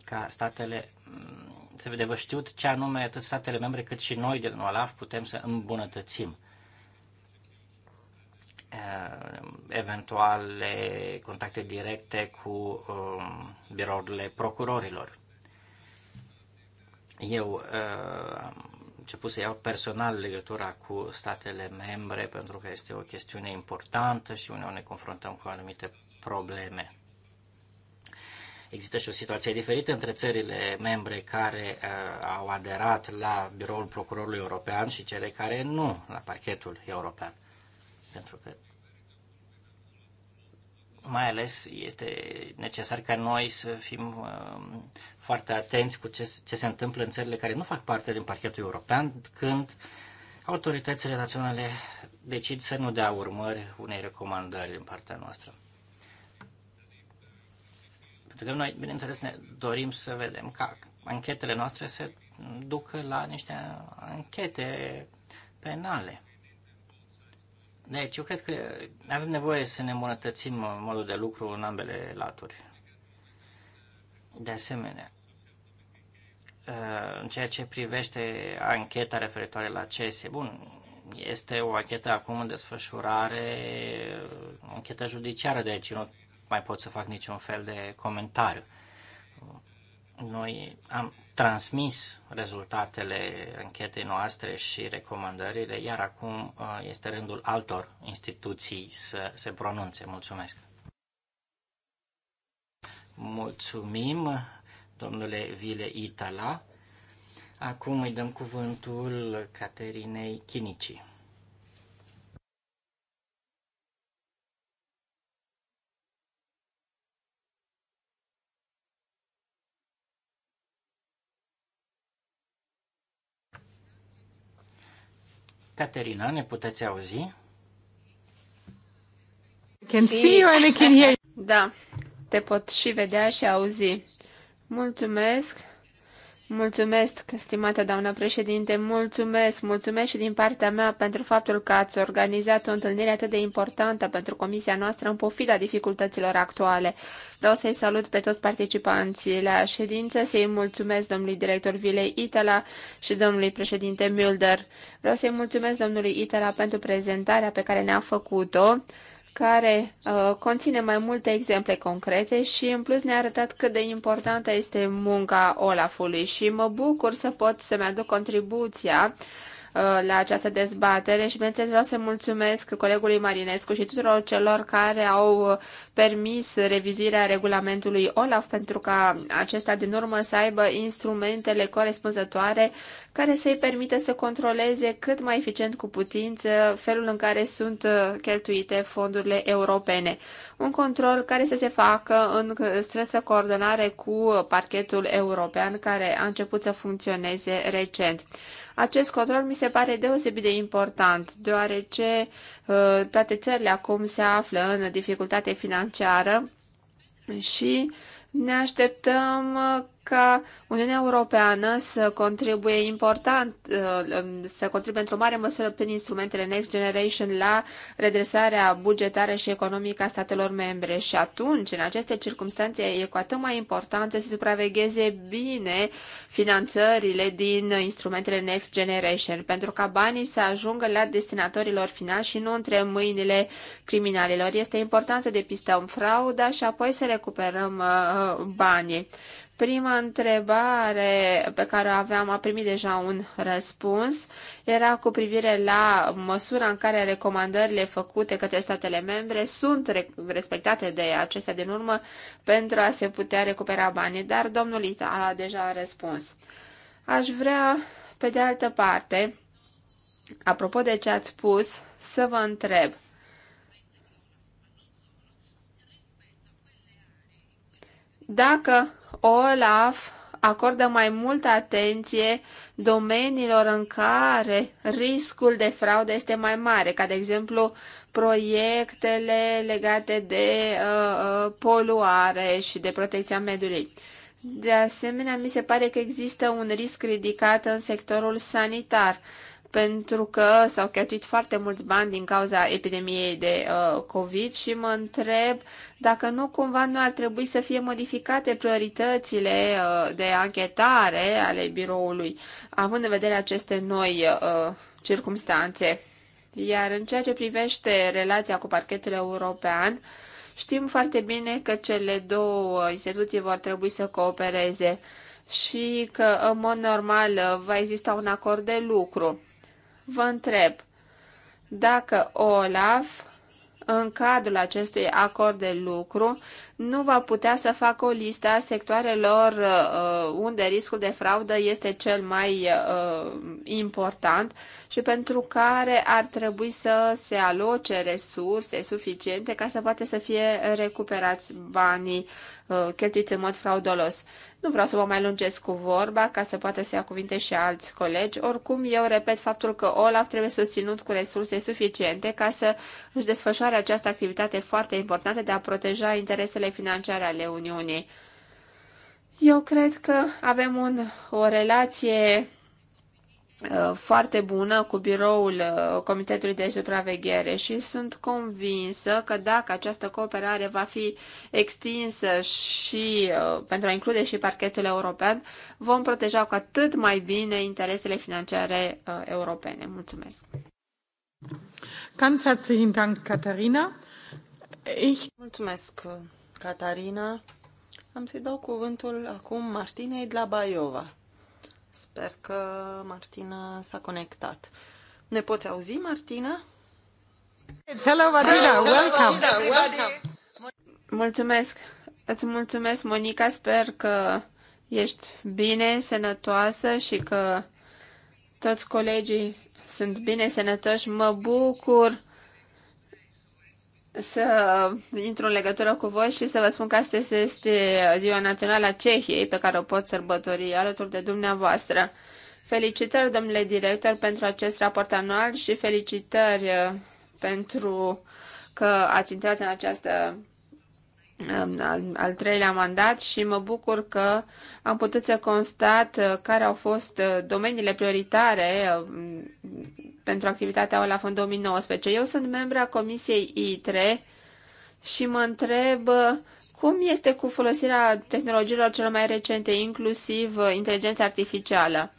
[SPEAKER 3] ca statele mm, să de știut ce anume atât statele membre cât și noi din OLAF putem să îmbunătățim eventuale contacte directe cu um, birourile procurorilor. Eu uh, început să iau personal legătura cu statele membre pentru că este o chestiune importantă și uneori ne confruntăm cu anumite probleme. Există și o situație diferită între țările membre care uh, au aderat la biroul procurorului european și cele care nu la parchetul european. Pentru că mai ales este necesar ca noi să fim um, foarte atenți cu ce, ce se întâmplă în țările care nu fac parte din parchetul european, când autoritățile naționale decid să nu dea urmări unei recomandări din partea noastră. Pentru că noi, bineînțeles, ne dorim să vedem ca anchetele noastre se ducă la niște anchete penale. Deci, eu cred că avem nevoie să ne îmbunătățim modul de lucru în ambele laturi. De asemenea, uh, în ceea ce privește ancheta referitoare la CESE, bun, este o anchetă acum în desfășurare, o anchetă judiciară, deci nu mai pot să fac niciun fel de comentariu. Uh, noi am transmis rezultatele închetei noastre și recomandările, iar acum uh, este rândul altor instituții să se pronunțe. Mulțumesc! Mulțumim, domnule Vile Itala. Acum îi dăm cuvântul Caterinei Chinicii. Caterina, ne puteți auzi?
[SPEAKER 1] Can
[SPEAKER 2] see you and I can hear you. Da, te pot și vedea și auzi. Mulțumesc. Mulțumesc, stimată doamnă președinte, mulțumesc, mulțumesc și din partea mea pentru faptul că ați organizat o întâlnire atât de importantă pentru comisia noastră în pofida dificultăților actuale. Vreau să-i salut pe toți participanții la ședință, să-i mulțumesc domnului director Vilei Itala și domnului președinte Mulder. Vreau să-i mulțumesc domnului Itala pentru prezentarea pe care ne-a făcut-o care uh, conține mai multe exemple concrete și în plus ne-a arătat cât de importantă este munca Olafului și mă bucur să pot să-mi aduc contribuția Uh, la această dezbatere și, bineînțeles, vreau să mulțumesc colegului Marinescu și tuturor celor care au uh, permis revizuirea regulamentului OLAF pentru ca acesta, din urmă, să aibă instrumentele corespunzătoare care să-i permită să controleze cât mai eficient cu putință felul în care sunt uh, cheltuite fondurile europene. Un control care să se facă în strânsă coordonare cu parchetul european care a început să funcționeze recent. Acest control mi se pare deosebit de important, deoarece uh, toate țările acum se află în dificultate financiară și ne așteptăm uh, ca Uniunea Europeană să contribuie important, uh, să contribuie într-o mare măsură prin instrumentele Next Generation la redresarea bugetară și economică a statelor membre. Și atunci, în aceste circunstanțe, e cu atât mai important să se supravegheze bine finanțările din instrumentele Next Generation, pentru ca banii să ajungă la destinatorilor finali și nu între mâinile criminalilor. Este important să depistăm frauda și apoi să recuperăm uh, banii. Prima întrebare pe care o aveam, a primit deja un răspuns, era cu privire la măsura în care recomandările făcute către statele membre sunt respectate de acestea din urmă pentru a se putea recupera banii, dar domnul Ita a deja răspuns. Aș vrea, pe de altă parte, apropo de ce ați spus, să vă întreb. Dacă Olaf acordă mai multă atenție domeniilor în care riscul de fraudă este mai mare, ca de exemplu proiectele legate de uh, uh poluare și de protecția mediului. De asemenea, mi se pare că există un risc ridicat în sectorul sanitar, pentru că s-au cheltuit foarte mulți bani din cauza epidemiei de uh, COVID și mă întreb dacă nu cumva nu ar trebui să fie modificate prioritățile uh, de anchetare ale biroului, având în vedere aceste noi uh, circumstanțe. Iar în ceea ce privește relația cu parchetul european, știm foarte bine că cele două instituții vor trebui să coopereze și că, în mod normal, va exista un acord de lucru vă întreb dacă Olaf, în cadrul acestui acord de lucru, nu va putea să facă o listă a sectoarelor uh, unde riscul de fraudă este cel mai uh, important și pentru care ar trebui să se aloce resurse suficiente ca să poate să fie recuperați banii Uh, cheltuiți în mod fraudolos. Nu vreau să vă mai lungesc cu vorba, ca să poată să ia cuvinte și alți colegi. Oricum, eu repet faptul că OLAF trebuie susținut cu resurse suficiente ca să își desfășoare această activitate foarte importantă de a proteja interesele financiare ale Uniunii. Eu cred că avem un, o relație Uh, foarte bună cu biroul uh, Comitetului de Supraveghere și sunt convinsă că dacă această cooperare va fi extinsă și uh, pentru a include și parchetul european, vom proteja cu atât mai bine interesele financiare europene. Mulțumesc!
[SPEAKER 1] Ganz herzlichen Dank, Katharina.
[SPEAKER 2] Ich... Mulțumesc, Catarina.
[SPEAKER 4] Am să-i dau cuvântul acum Martinei de la Baiova. Sper că Martina s-a conectat. Ne poți auzi, Martina?
[SPEAKER 2] Hello, Martina! Welcome! Mulțumesc! Îți mulțumesc, Monica. Sper că ești bine, sănătoasă și că toți colegii sunt bine, sănătoși. Mă bucur să intru în legătură cu voi și să vă spun că astăzi este ziua națională a Cehiei pe care o pot sărbători alături de dumneavoastră. Felicitări, domnule director, pentru acest raport anual și felicitări uh, pentru că ați intrat în această Um, al, al treilea mandat și mă bucur că am putut să constat uh, care au fost uh, domeniile prioritare um, pentru activitatea OLAF în 2019. Eu sunt membra Comisiei ITRE și mă întreb uh, cum este cu folosirea tehnologiilor cele mai recente, inclusiv inteligența artificială.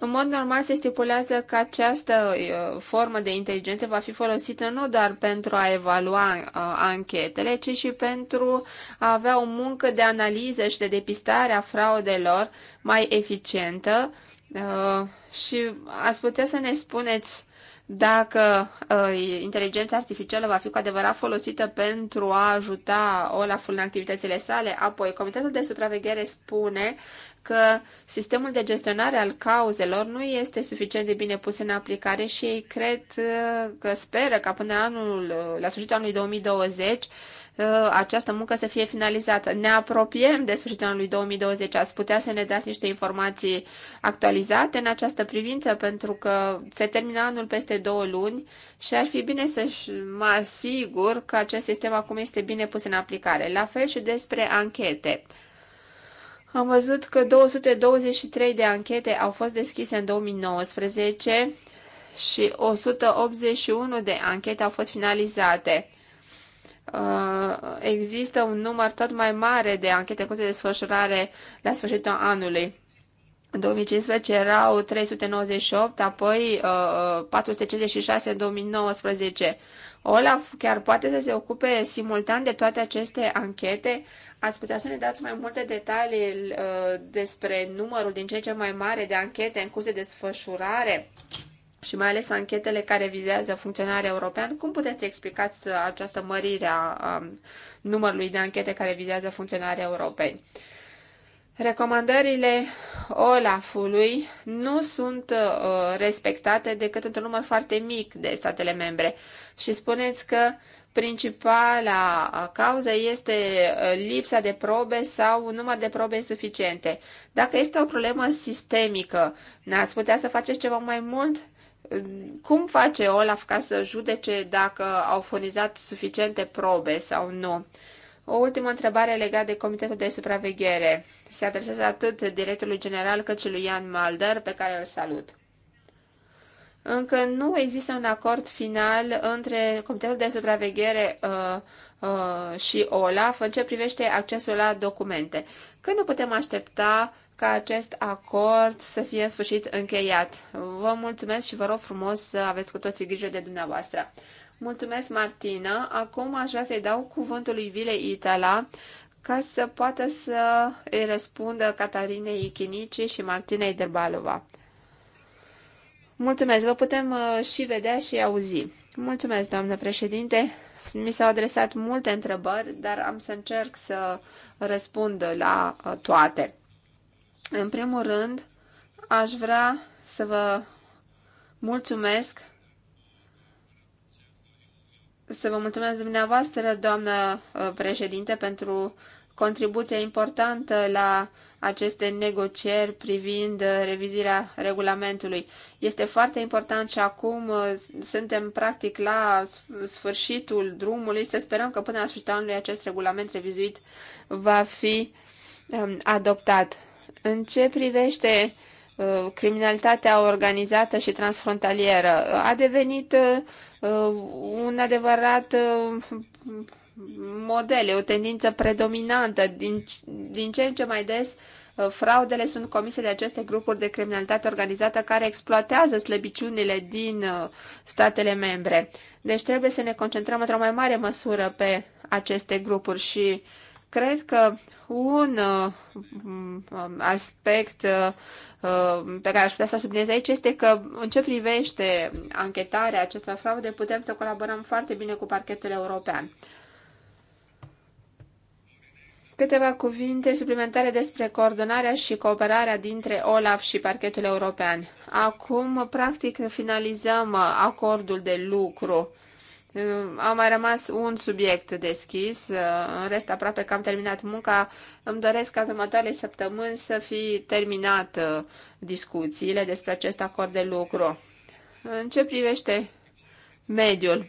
[SPEAKER 2] În mod normal se stipulează că această uh, formă de inteligență va fi folosită nu doar pentru a evalua uh, anchetele, ci și pentru a avea o muncă de analiză și de depistare a fraudelor mai eficientă. Uh, și ați putea să ne spuneți dacă uh, inteligența artificială va fi cu adevărat folosită pentru a ajuta Olaful în activitățile sale. Apoi, Comitetul de Supraveghere spune că sistemul de gestionare al cauzelor nu este suficient de bine pus în aplicare și ei cred uh, că speră ca până la anul, uh, la sfârșitul anului 2020 uh, această muncă să fie finalizată. Ne apropiem de sfârșitul anului 2020. Ați putea să ne dați niște informații actualizate în această privință, pentru că se termină anul peste două luni și ar fi bine să mă asigur că acest sistem acum este bine pus în aplicare. La fel și despre anchete. Am văzut că 223 de anchete au fost deschise în 2019 și 181 de anchete au fost finalizate. Uh, există un număr tot mai mare de anchete cu de desfășurare la sfârșitul anului în 2015 erau 398, apoi uh, 456 uh, în 2019. Olaf chiar poate să se ocupe simultan de toate aceste anchete. Ați putea să ne dați mai multe detalii uh, despre numărul din ce ce mai mare de anchete în curs de desfășurare și mai ales anchetele care vizează funcționarea europeană? Cum puteți explica uh, această mărire a, a numărului de anchete care vizează funcționarea europeni? Recomandările Olafului nu sunt uh, respectate decât într-un număr foarte mic de statele membre și spuneți că principala cauză este uh, lipsa de probe sau un număr de probe suficiente. Dacă este o problemă sistemică, n-ați putea să faceți ceva mai mult? Cum face Olaf ca să judece dacă au furnizat suficiente probe sau nu? O ultimă întrebare legată de Comitetul de Supraveghere. Se adresează atât directorului general cât și lui Ian Mulder, pe care îl salut. Încă nu există un acord final între Comitetul de Supraveghere uh, uh, și OLAF în ce privește accesul la documente. Când nu putem aștepta ca acest acord să fie în sfârșit încheiat? Vă mulțumesc și vă rog frumos să aveți cu toții grijă de dumneavoastră. Mulțumesc, Martina. Acum aș vrea să-i dau cuvântul lui Vile Itala ca să poată să îi răspundă Catarinei Chinici și Martinei Derbalova. Mulțumesc, vă putem uh, și vedea și auzi. Mulțumesc, doamnă președinte. Mi s-au adresat multe întrebări, dar am să încerc să răspund la uh, toate. În primul rând, aș vrea să vă mulțumesc să vă mulțumesc dumneavoastră, doamnă uh, președinte, pentru contribuția importantă la aceste negocieri privind uh, revizuirea regulamentului. Este foarte important și acum uh, suntem practic la sfârșitul drumului. Să sperăm că până la sfârșitul anului acest regulament revizuit va fi um, adoptat. În ce privește uh, Uh, criminalitatea organizată și transfrontalieră a devenit uh, uh, un adevărat model, o tendință predominantă. Din, din ce în ce mai des fraudele sunt comise de aceste grupuri de criminalitate organizată care exploatează slăbiciunile din statele membre. Deci trebuie să ne concentrăm într-o mai mare măsură pe aceste grupuri și cred că un aspect Uh, pe care aș putea să subliniez aici este că în ce privește anchetarea acestor fraude putem să colaborăm foarte bine cu parchetul european. Câteva cuvinte suplimentare despre coordonarea și cooperarea dintre OLAF și parchetul european. Acum, practic, finalizăm acordul de lucru au mai rămas un subiect deschis, uh, în rest aproape că am terminat munca. Îmi doresc ca următoarele săptămâni să fi terminat uh, discuțiile despre acest acord de lucru. În ce privește mediul?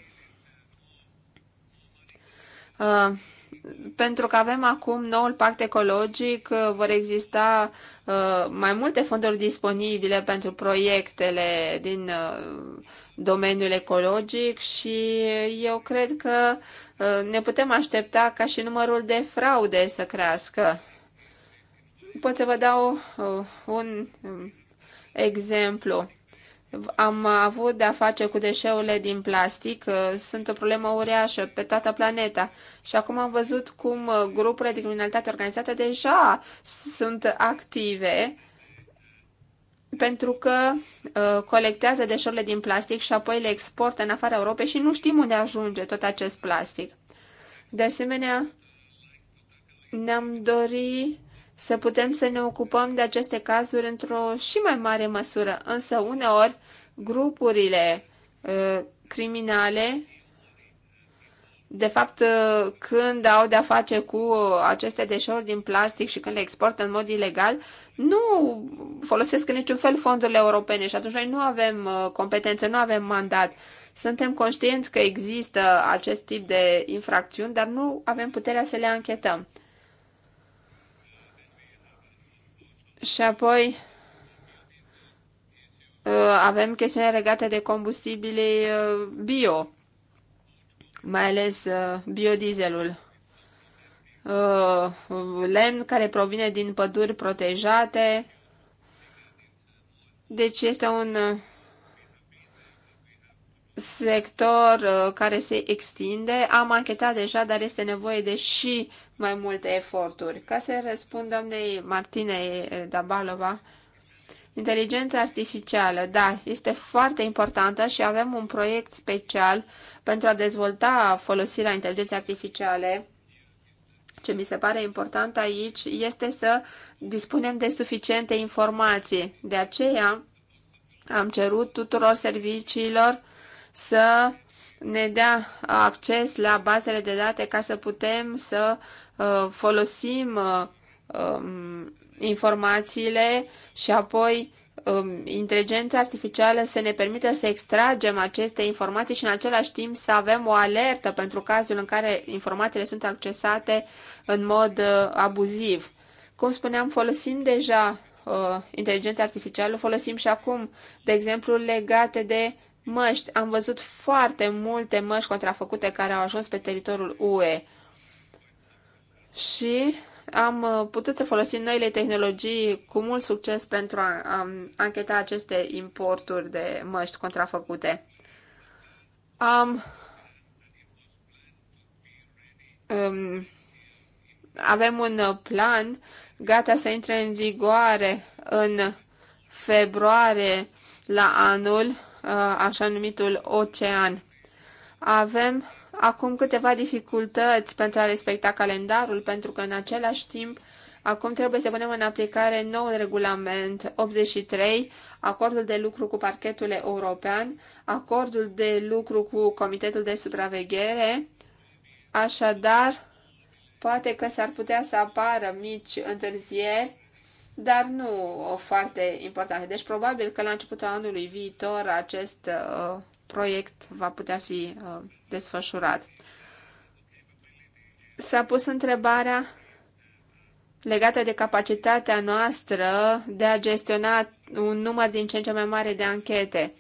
[SPEAKER 2] Uh, pentru că avem acum noul pact ecologic, vor exista mai multe fonduri disponibile pentru proiectele din domeniul ecologic și eu cred că uh, ne putem aștepta ca și numărul de fraude să crească. Pot să vă dau uh, un um, exemplu. Am avut de-a face cu deșeurile din plastic, uh, sunt o problemă uriașă pe toată planeta și acum am văzut cum grupurile de criminalitate organizată deja sunt active pentru că uh, colectează deșeurile din plastic și apoi le exportă în afara Europei și nu știm unde ajunge tot acest plastic. De asemenea, ne-am dori să putem să ne ocupăm de aceste cazuri într-o și mai mare măsură, însă uneori grupurile uh, criminale de fapt, uh, când au de-a face cu uh, aceste deșeuri din plastic și când le exportă în mod ilegal, nu folosesc în niciun fel fondurile europene și atunci noi nu avem uh, competență, nu avem mandat. Suntem conștienți că există acest tip de infracțiuni, dar nu avem puterea să le anchetăm. Și apoi avem chestiuni legate de combustibile bio mai ales uh, biodieselul, uh, lemn care provine din păduri protejate. Deci este un uh, sector care se extinde. Am anchetat deja, dar este nevoie de și mai multe eforturi. Ca să răspund doamnei Martinei Dabalova, Inteligența artificială, da, este foarte importantă și avem un proiect special pentru a dezvolta folosirea inteligenței artificiale, ce mi se pare important aici este să dispunem de suficiente informații. De aceea am cerut tuturor serviciilor să ne dea acces la bazele de date ca să putem să uh, folosim uh, um, informațiile și apoi Um, inteligența artificială să ne permită să extragem aceste informații și în același timp să avem o alertă pentru cazul în care informațiile sunt accesate în mod uh, abuziv. Cum spuneam, folosim deja uh, inteligența artificială, folosim și acum, de exemplu, legate de măști. Am văzut foarte multe măști contrafăcute care au ajuns pe teritoriul UE. Și am uh, putut să folosim noile tehnologii cu mult succes pentru a, ancheta aceste importuri de măști contrafăcute. Am um, avem un plan gata să intre în vigoare în februarie la anul, uh, așa numitul ocean. Avem acum câteva dificultăți pentru a respecta calendarul, pentru că în același timp acum trebuie să punem în aplicare noul regulament 83, acordul de lucru cu parchetul european, acordul de lucru cu comitetul de supraveghere, așadar poate că s-ar putea să apară mici întârzieri, dar nu foarte importante. Deci probabil că la începutul anului viitor acest uh, proiect va putea fi uh, desfășurat. S-a pus întrebarea legată de capacitatea noastră de a gestiona un număr din ce în ce mai mare de anchete.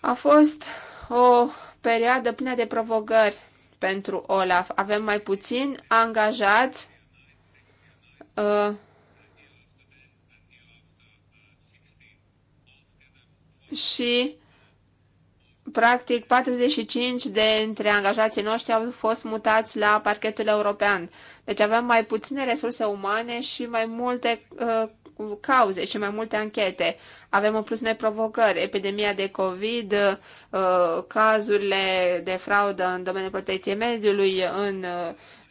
[SPEAKER 2] A fost o perioadă plină de provocări pentru Olaf. Avem mai puțin angajați uh, și practic 45 de între angajații noștri au fost mutați la parchetul european. Deci avem mai puține resurse umane și mai multe uh, cauze și mai multe anchete. Avem în plus noi provocări, epidemia de COVID, uh, cazurile de fraudă în domeniul protecției mediului, în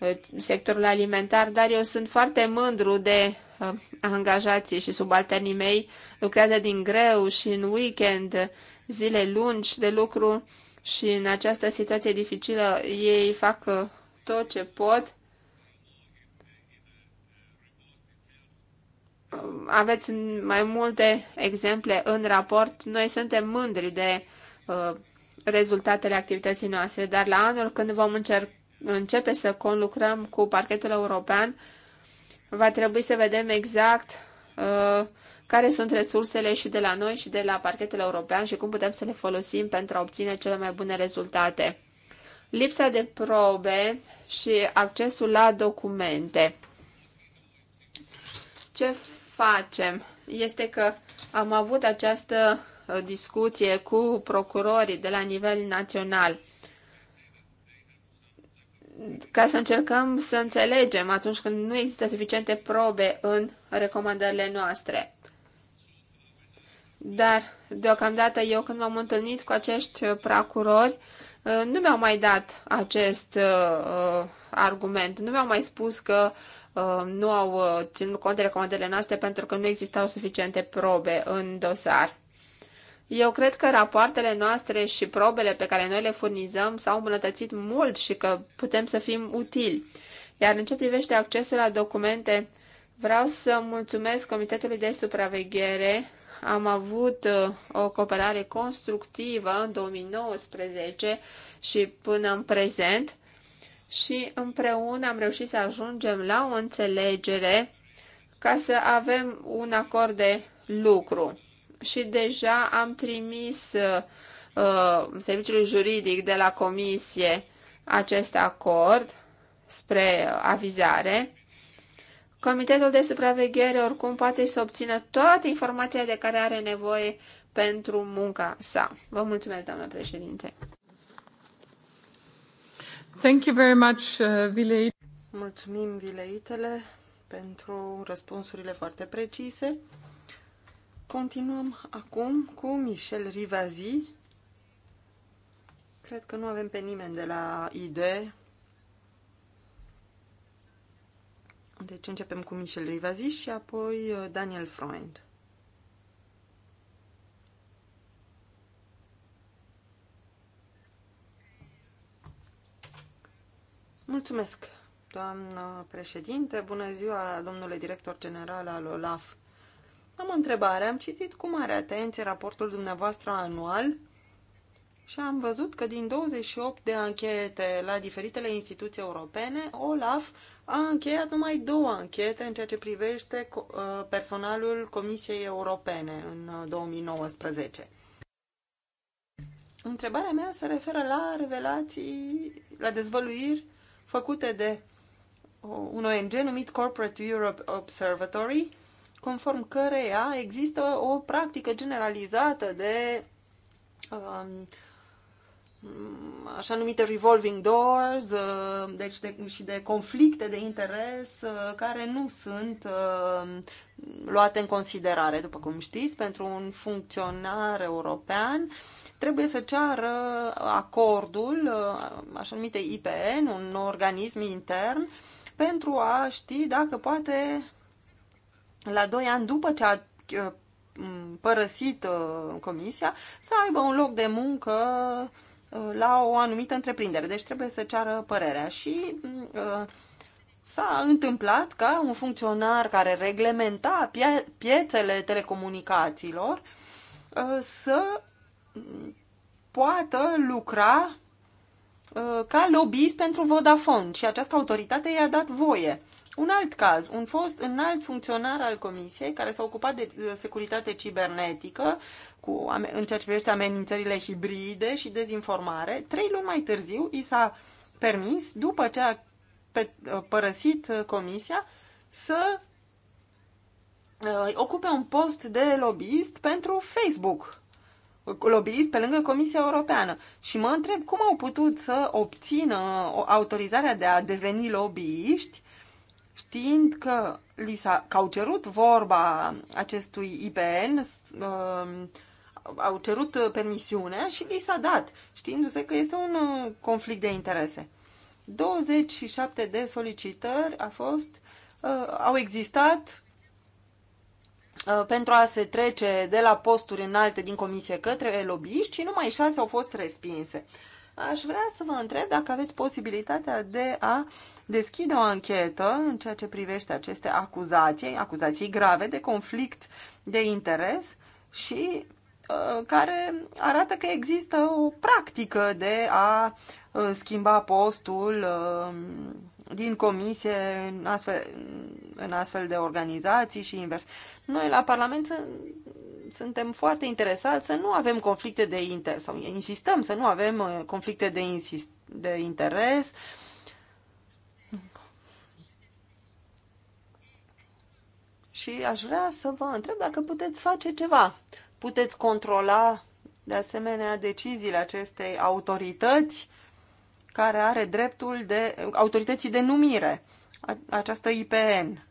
[SPEAKER 2] uh, sectorul alimentar, dar eu sunt foarte mândru de uh, angajații și subalternii mei lucrează din greu și în weekend zile lungi de lucru și în această situație dificilă ei fac uh, tot ce pot. Uh, aveți mai multe exemple în raport. Noi suntem mândri de uh, rezultatele activității noastre, dar la anul când vom încerca începe să conlucrăm cu parchetul european, va trebui să vedem exact uh, care sunt resursele și de la noi și de la parchetul european și cum putem să le folosim pentru a obține cele mai bune rezultate. Lipsa de probe și accesul la documente. Ce facem? Este că am avut această uh, discuție cu procurorii de la nivel național ca să încercăm să înțelegem atunci când nu există suficiente probe în recomandările noastre. Dar, deocamdată, eu când m-am întâlnit cu acești uh, procurori, uh, nu mi-au mai dat acest uh, uh, argument, nu mi-au mai spus că uh, nu au ținut cont de recomandările noastre pentru că nu existau suficiente probe în dosar. Eu cred că rapoartele noastre și probele pe care noi le furnizăm s-au îmbunătățit mult și că putem să fim utili. Iar în ce privește accesul la documente, vreau să mulțumesc Comitetului de Supraveghere am avut uh, o cooperare constructivă în 2019 și până în prezent și împreună am reușit să ajungem la o înțelegere ca să avem un acord de lucru. Și deja am trimis uh, uh serviciul juridic de la comisie acest acord spre avizare Comitetul de supraveghere oricum poate să obțină toate informațiile de care are nevoie pentru munca sa. Vă mulțumesc, doamnă președinte.
[SPEAKER 1] Thank you very much, uh, Mulțumim,
[SPEAKER 4] Vileitele, pentru răspunsurile foarte precise. Continuăm acum cu Michel Rivazi. Cred că nu avem pe nimeni de la IDE Deci începem cu Michel Rivazi și apoi uh, Daniel Freund. Mulțumesc, doamnă președinte. Bună ziua, domnule director general al OLAF. Am o întrebare. Am citit cu mare atenție raportul dumneavoastră anual și am văzut că din 28 de anchete la diferitele instituții europene, Olaf a încheiat numai două anchete în ceea ce privește uh, personalul Comisiei Europene în 2019. Uh, Întrebarea mea se referă la revelații, la dezvăluiri făcute de uh, un ONG numit Corporate Europe Observatory, conform căreia există o practică generalizată de um, Mm, așa numite revolving doors, uh, deci de, și de conflicte de interes uh, care nu sunt uh, luate în considerare. După cum știți, pentru un funcționar european trebuie să ceară acordul, așa numite IPN, un organism intern, pentru a ști dacă poate la 2 ani după ce a părăsit comisia să aibă un loc de muncă Uh, la o anumită întreprindere, deci trebuie să ceară părerea. Și mm, uh, s-a întâmplat ca un funcționar care reglementa pie piețele telecomunicațiilor uh, să mm, poată lucra ca lobbyist pentru Vodafone și această autoritate i-a dat voie. Un alt caz, un fost înalt funcționar al Comisiei care s-a ocupat de securitate cibernetică cu, în ceea ce privește amenințările hibride și dezinformare, trei luni mai târziu i s-a permis, după ce a părăsit uh, Comisia, să uh, ocupe un post de lobbyist pentru Facebook lobbyist pe lângă Comisia Europeană și mă întreb cum au putut să obțină uh, autorizarea de a deveni lobbyiști știind că, li s-a, că au cerut vorba acestui IPN, um, au cerut permisiunea și li s-a dat, știindu-se că este un uh, conflict de interese. 27 de solicitări a fost, uh, au existat uh, pentru a se trece de la posturi înalte din comisie către lobbyiști și numai șase au fost respinse. Aș vrea să vă întreb dacă aveți posibilitatea de a uh, deschid o anchetă în ceea ce privește aceste acuzații, acuzații grave de conflict de interes și uh, care arată că există o practică de a uh, schimba postul uh, din comisie în astfel, în astfel de organizații și invers. Noi la Parlament suntem foarte interesați să nu avem conflicte de interes sau insistăm să nu avem conflicte de, insist, de interes uh, Și aș vrea să vă întreb dacă puteți face ceva. Puteți controla, de asemenea, deciziile acestei autorități care are dreptul de autorității de numire, această IPN.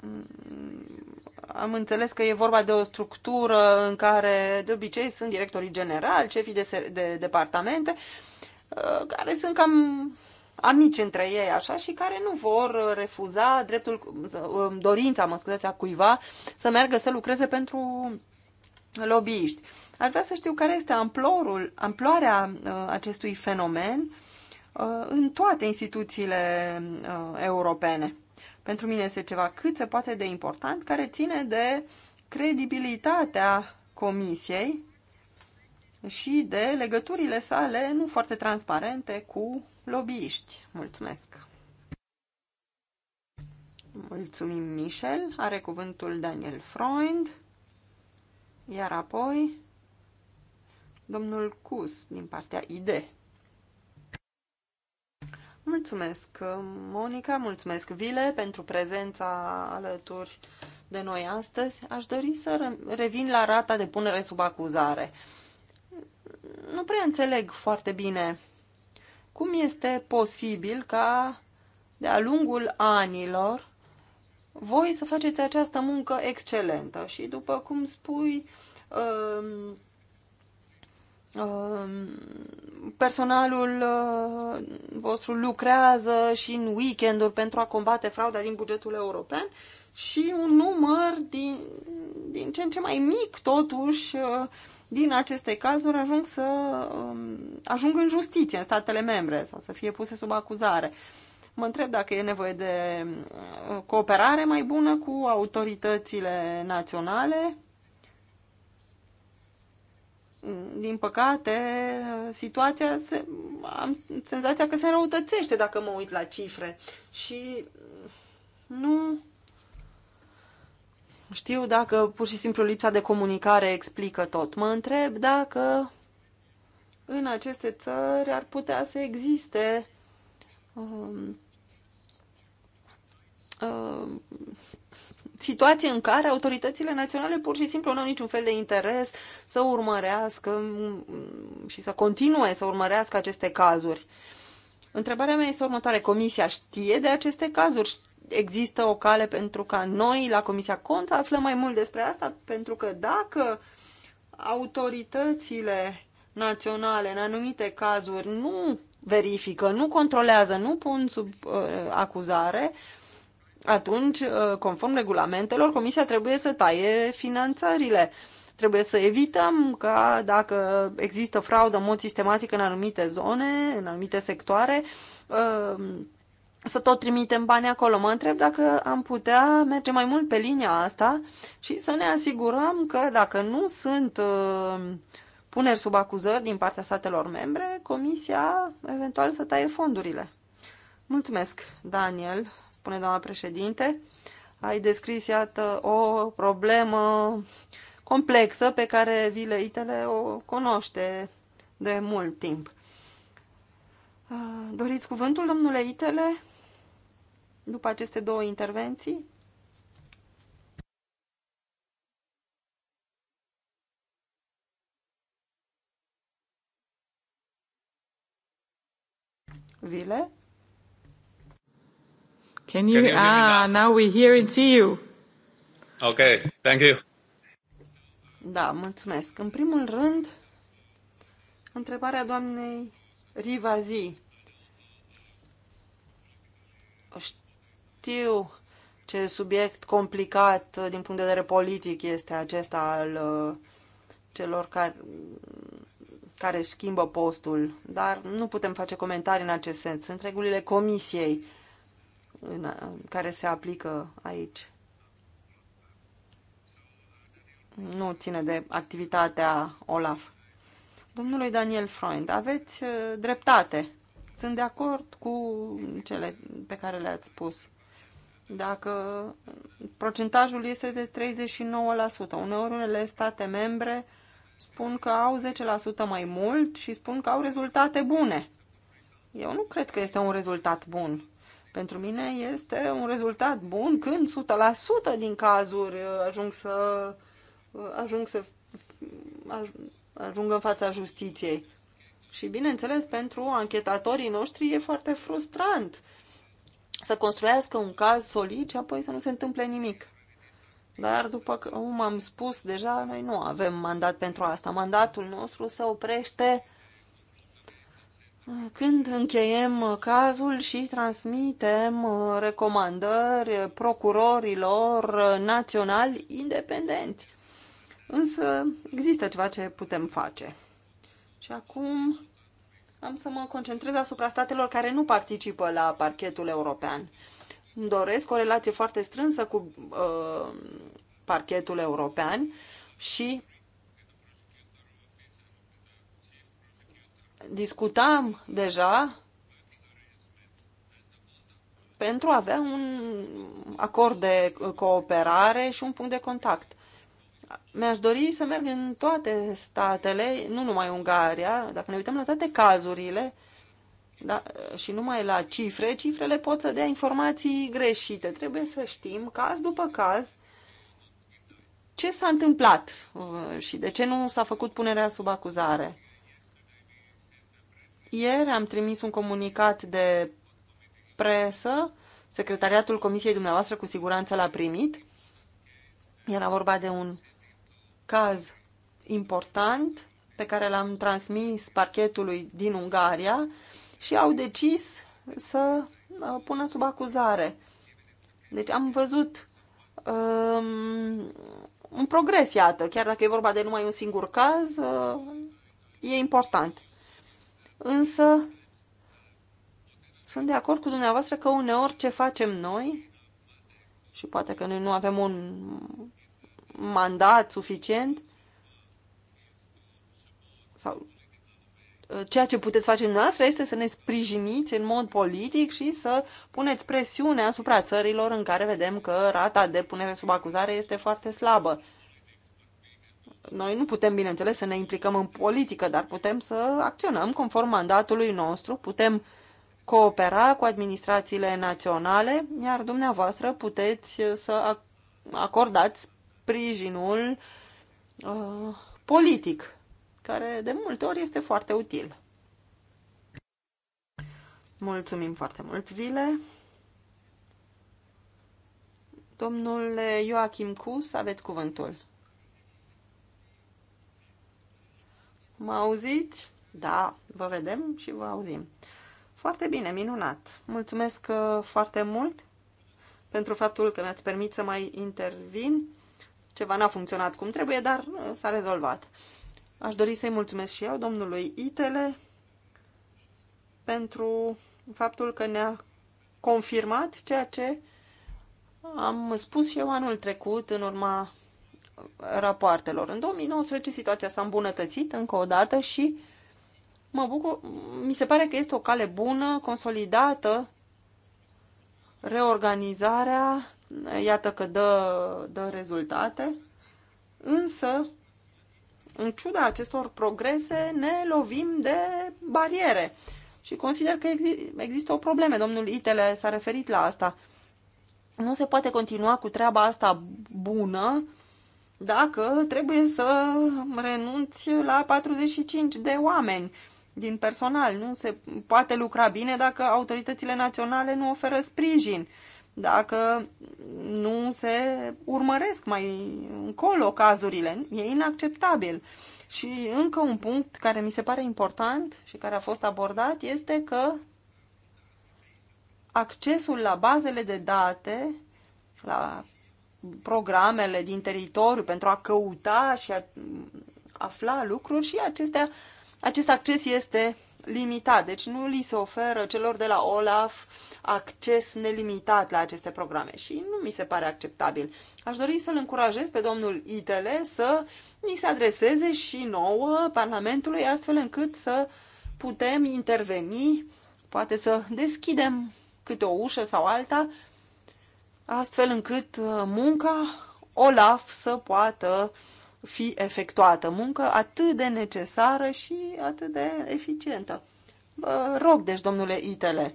[SPEAKER 4] Mm, am înțeles că e vorba de o structură în care de obicei sunt directorii generali, șefii de, de departamente, uh, care sunt cam amici între ei, așa, și care nu vor refuza dreptul, um, dorința, mă scuzați, a cuiva să meargă să lucreze pentru lobbyiști. Aș vrea să știu care este amplorul, amploarea uh, acestui fenomen uh, în toate instituțiile uh, europene. Pentru mine este ceva cât se poate de important care ține de credibilitatea Comisiei și de legăturile sale nu foarte transparente cu lobbyiști. Mulțumesc! Mulțumim, Michel. Are cuvântul Daniel Freund, iar apoi domnul Cus din partea ID. Mulțumesc, Monica, mulțumesc, Vile, pentru prezența alături de noi astăzi. Aș dori să revin la rata de punere sub acuzare. Nu prea înțeleg foarte bine cum este posibil ca de-a lungul anilor voi să faceți această muncă excelentă și după cum spui um, um personalul uh, vostru lucrează și în weekenduri pentru a combate frauda din bugetul european și un număr din, din ce în ce mai mic totuși uh, din aceste cazuri ajung să um, ajung în justiție în statele membre sau să fie puse sub acuzare. Mă întreb dacă e nevoie de uh, cooperare mai bună cu autoritățile naționale. Din păcate, situația se, am senzația că se înrăutățește dacă mă uit la cifre și nu știu dacă pur și simplu lipsa de comunicare explică tot. Mă întreb dacă în aceste țări ar putea să existe um, um, situații în care autoritățile naționale pur și simplu nu au niciun fel de interes să urmărească um, um, și să continue să urmărească aceste cazuri. Întrebarea mea este următoare. Comisia știe de aceste cazuri? există o cale pentru ca noi la Comisia Cont să aflăm mai mult despre asta, pentru că dacă autoritățile naționale în anumite cazuri nu verifică, nu controlează, nu pun sub uh, acuzare, atunci, uh, conform regulamentelor, Comisia trebuie să taie finanțările. Trebuie să evităm ca dacă există fraudă în mod sistematic în anumite zone, în anumite sectoare, uh, să tot trimitem bani acolo. Mă întreb dacă am putea merge mai mult pe linia asta și să ne asigurăm că dacă nu sunt uh, puneri sub acuzări din partea statelor membre, Comisia eventual să taie fondurile. Mulțumesc, Daniel, spune doamna președinte. Ai descris, iată, o problemă complexă pe care Vileitele o cunoaște de mult timp. Uh, doriți cuvântul, domnule Itele? după aceste două intervenții?
[SPEAKER 1] Vile? Can you, Can you ah, now? now we hear and see you.
[SPEAKER 2] Ok, thank you.
[SPEAKER 4] Da, mulțumesc. În primul rând, întrebarea doamnei Rivazi. Știu ce subiect complicat uh, din punct de vedere politic este acesta al uh, celor care, care schimbă postul, dar nu putem face comentarii în acest sens. Sunt regulile comisiei în, uh, care se aplică aici. Nu ține de activitatea OLAF. Domnului Daniel Freund, aveți dreptate. Sunt de acord cu cele pe care le-ați spus dacă procentajul este de 39%. Uneori unele state membre spun că au 10% mai mult și spun că au rezultate bune. Eu nu cred că este un rezultat bun. Pentru mine este un rezultat bun când 100% din cazuri uh, ajung să uh, ajung să ajung în fața justiției. Și bineînțeles, pentru anchetatorii noștri e foarte frustrant să construiască un caz solid și apoi să nu se întâmple nimic. Dar, după cum am spus deja, noi nu avem mandat pentru asta. Mandatul nostru se oprește când încheiem cazul și transmitem recomandări procurorilor naționali independenți. Însă există ceva ce putem face. Și acum am să mă concentrez asupra statelor care nu participă la parchetul european. Îmi doresc o relație foarte strânsă cu uh, parchetul european și discutam deja pentru a avea un acord de cooperare și un punct de contact mi-aș dori să merg în toate statele, nu numai Ungaria, dacă ne uităm la toate cazurile da, și numai la cifre, cifrele pot să dea informații greșite. Trebuie să știm, caz după caz, ce s-a întâmplat uh, și de ce nu s-a făcut punerea sub acuzare. Ieri am trimis un comunicat de presă, secretariatul comisiei dumneavoastră cu siguranță l-a primit. Era vorba de un caz important pe care l-am transmis parchetului din Ungaria și au decis să uh, pună sub acuzare. Deci am văzut um, un progres, iată, chiar dacă e vorba de numai un singur caz, uh, e important. Însă sunt de acord cu dumneavoastră că uneori ce facem noi, și poate că noi nu avem un mandat suficient? Sau uh, ceea ce puteți face noastră este să ne sprijiniți în mod politic și să puneți presiune asupra țărilor în care vedem că rata de punere sub acuzare este foarte slabă. Noi nu putem, bineînțeles, să ne implicăm în politică, dar putem să acționăm conform mandatului nostru, putem coopera cu administrațiile naționale, iar dumneavoastră puteți să acordați sprijinul uh, politic, care de multe ori este foarte util. Mulțumim foarte mult, Vile. Domnule Joachim Cus, aveți cuvântul. Mă auziți? Da, vă vedem și vă auzim. Foarte bine, minunat. Mulțumesc uh, foarte mult pentru faptul că mi-ați permis să mai intervin. Ceva n-a funcționat cum trebuie, dar uh, s-a rezolvat. Aș dori să-i mulțumesc și eu domnului Itele pentru faptul că ne-a confirmat ceea ce am spus eu anul trecut în urma rapoartelor. În 2019 situația s-a îmbunătățit încă o dată și mă bucur, mi se pare că este o cale bună, consolidată, reorganizarea iată că dă, dă rezultate, însă, în ciuda acestor progrese, ne lovim de bariere. Și consider că există o problemă. Domnul Itele s-a referit la asta. Nu se poate continua cu treaba asta bună dacă trebuie să renunți la 45 de oameni din personal. Nu se poate lucra bine dacă autoritățile naționale nu oferă sprijin dacă nu se urmăresc mai încolo cazurile. E inacceptabil. Și încă un punct care mi se pare important și care a fost abordat este că accesul la bazele de date, la programele din teritoriu pentru a căuta și a afla lucruri și acestea, acest acces este limitat. Deci nu li se oferă celor de la OLAF uh, acces nelimitat la aceste programe și nu mi se pare acceptabil. Aș dori să-l încurajez pe domnul Itele să ni se adreseze și nouă Parlamentului astfel încât să putem interveni, poate să deschidem câte o ușă sau alta, astfel încât uh, munca OLAF să poată fi efectuată. Muncă atât de necesară și atât de eficientă. Vă rog, deci, domnule Itele,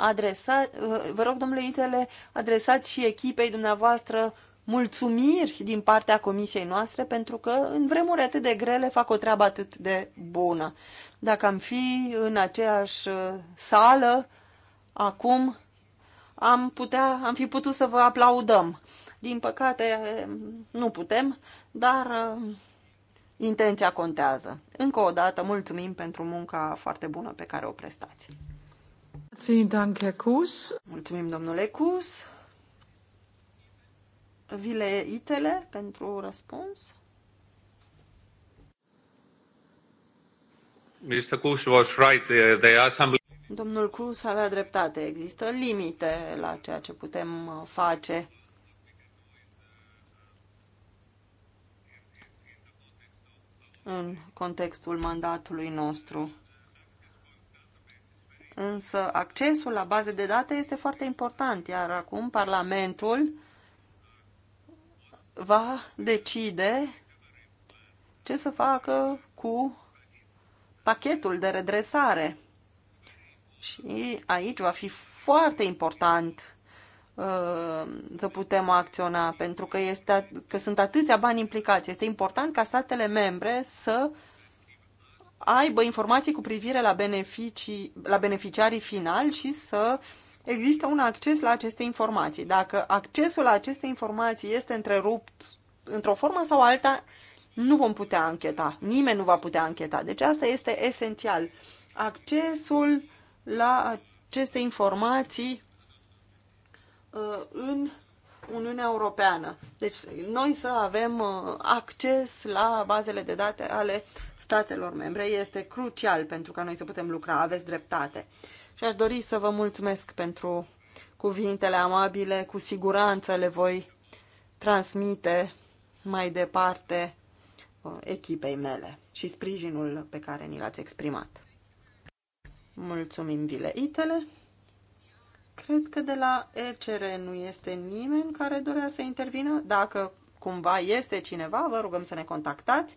[SPEAKER 4] adresa, uh, vă rog, domnule Itele, adresați și echipei dumneavoastră mulțumiri din partea comisiei noastre, pentru că în vremuri atât de grele fac o treabă atât de bună. Dacă am fi în aceeași uh, sală acum, am, putea, am fi putut să vă aplaudăm. Din păcate, uh, nu putem, dar intenția contează. Încă o dată, mulțumim pentru munca foarte bună pe care o prestați. Mulțumim, domnule Cus. Vile Itele pentru răspuns.
[SPEAKER 3] Mr. Cus was right. The assembly...
[SPEAKER 4] Domnul Cus avea dreptate. Există limite la ceea ce putem uh, face. în contextul mandatului nostru însă accesul la baze de date este foarte important, iar acum Parlamentul va decide ce să facă cu pachetul de redresare. Și aici va fi foarte important uh, să putem acționa, pentru că, este, că sunt atâția bani implicați. Este important ca statele membre să uh, aibă informații cu privire la, beneficii, la beneficiarii finali și să există un acces la aceste informații. Dacă accesul la aceste informații este întrerupt într-o formă sau alta, nu vom putea ancheta. Nimeni nu va putea ancheta. Deci asta este esențial. Accesul la aceste informații uh, în Uniunea Europeană. Deci noi să avem uh, acces la bazele de date ale statelor membre este crucial pentru ca noi să putem lucra. Aveți dreptate. Și aș dori să vă mulțumesc pentru cuvintele amabile. Cu siguranță le voi transmite mai departe uh, echipei mele și sprijinul pe care ni l-ați exprimat. Mulțumim, Vile Itele! Cred că de la ECR nu este nimeni care dorea să intervină. Dacă cumva este cineva, vă rugăm să ne contactați.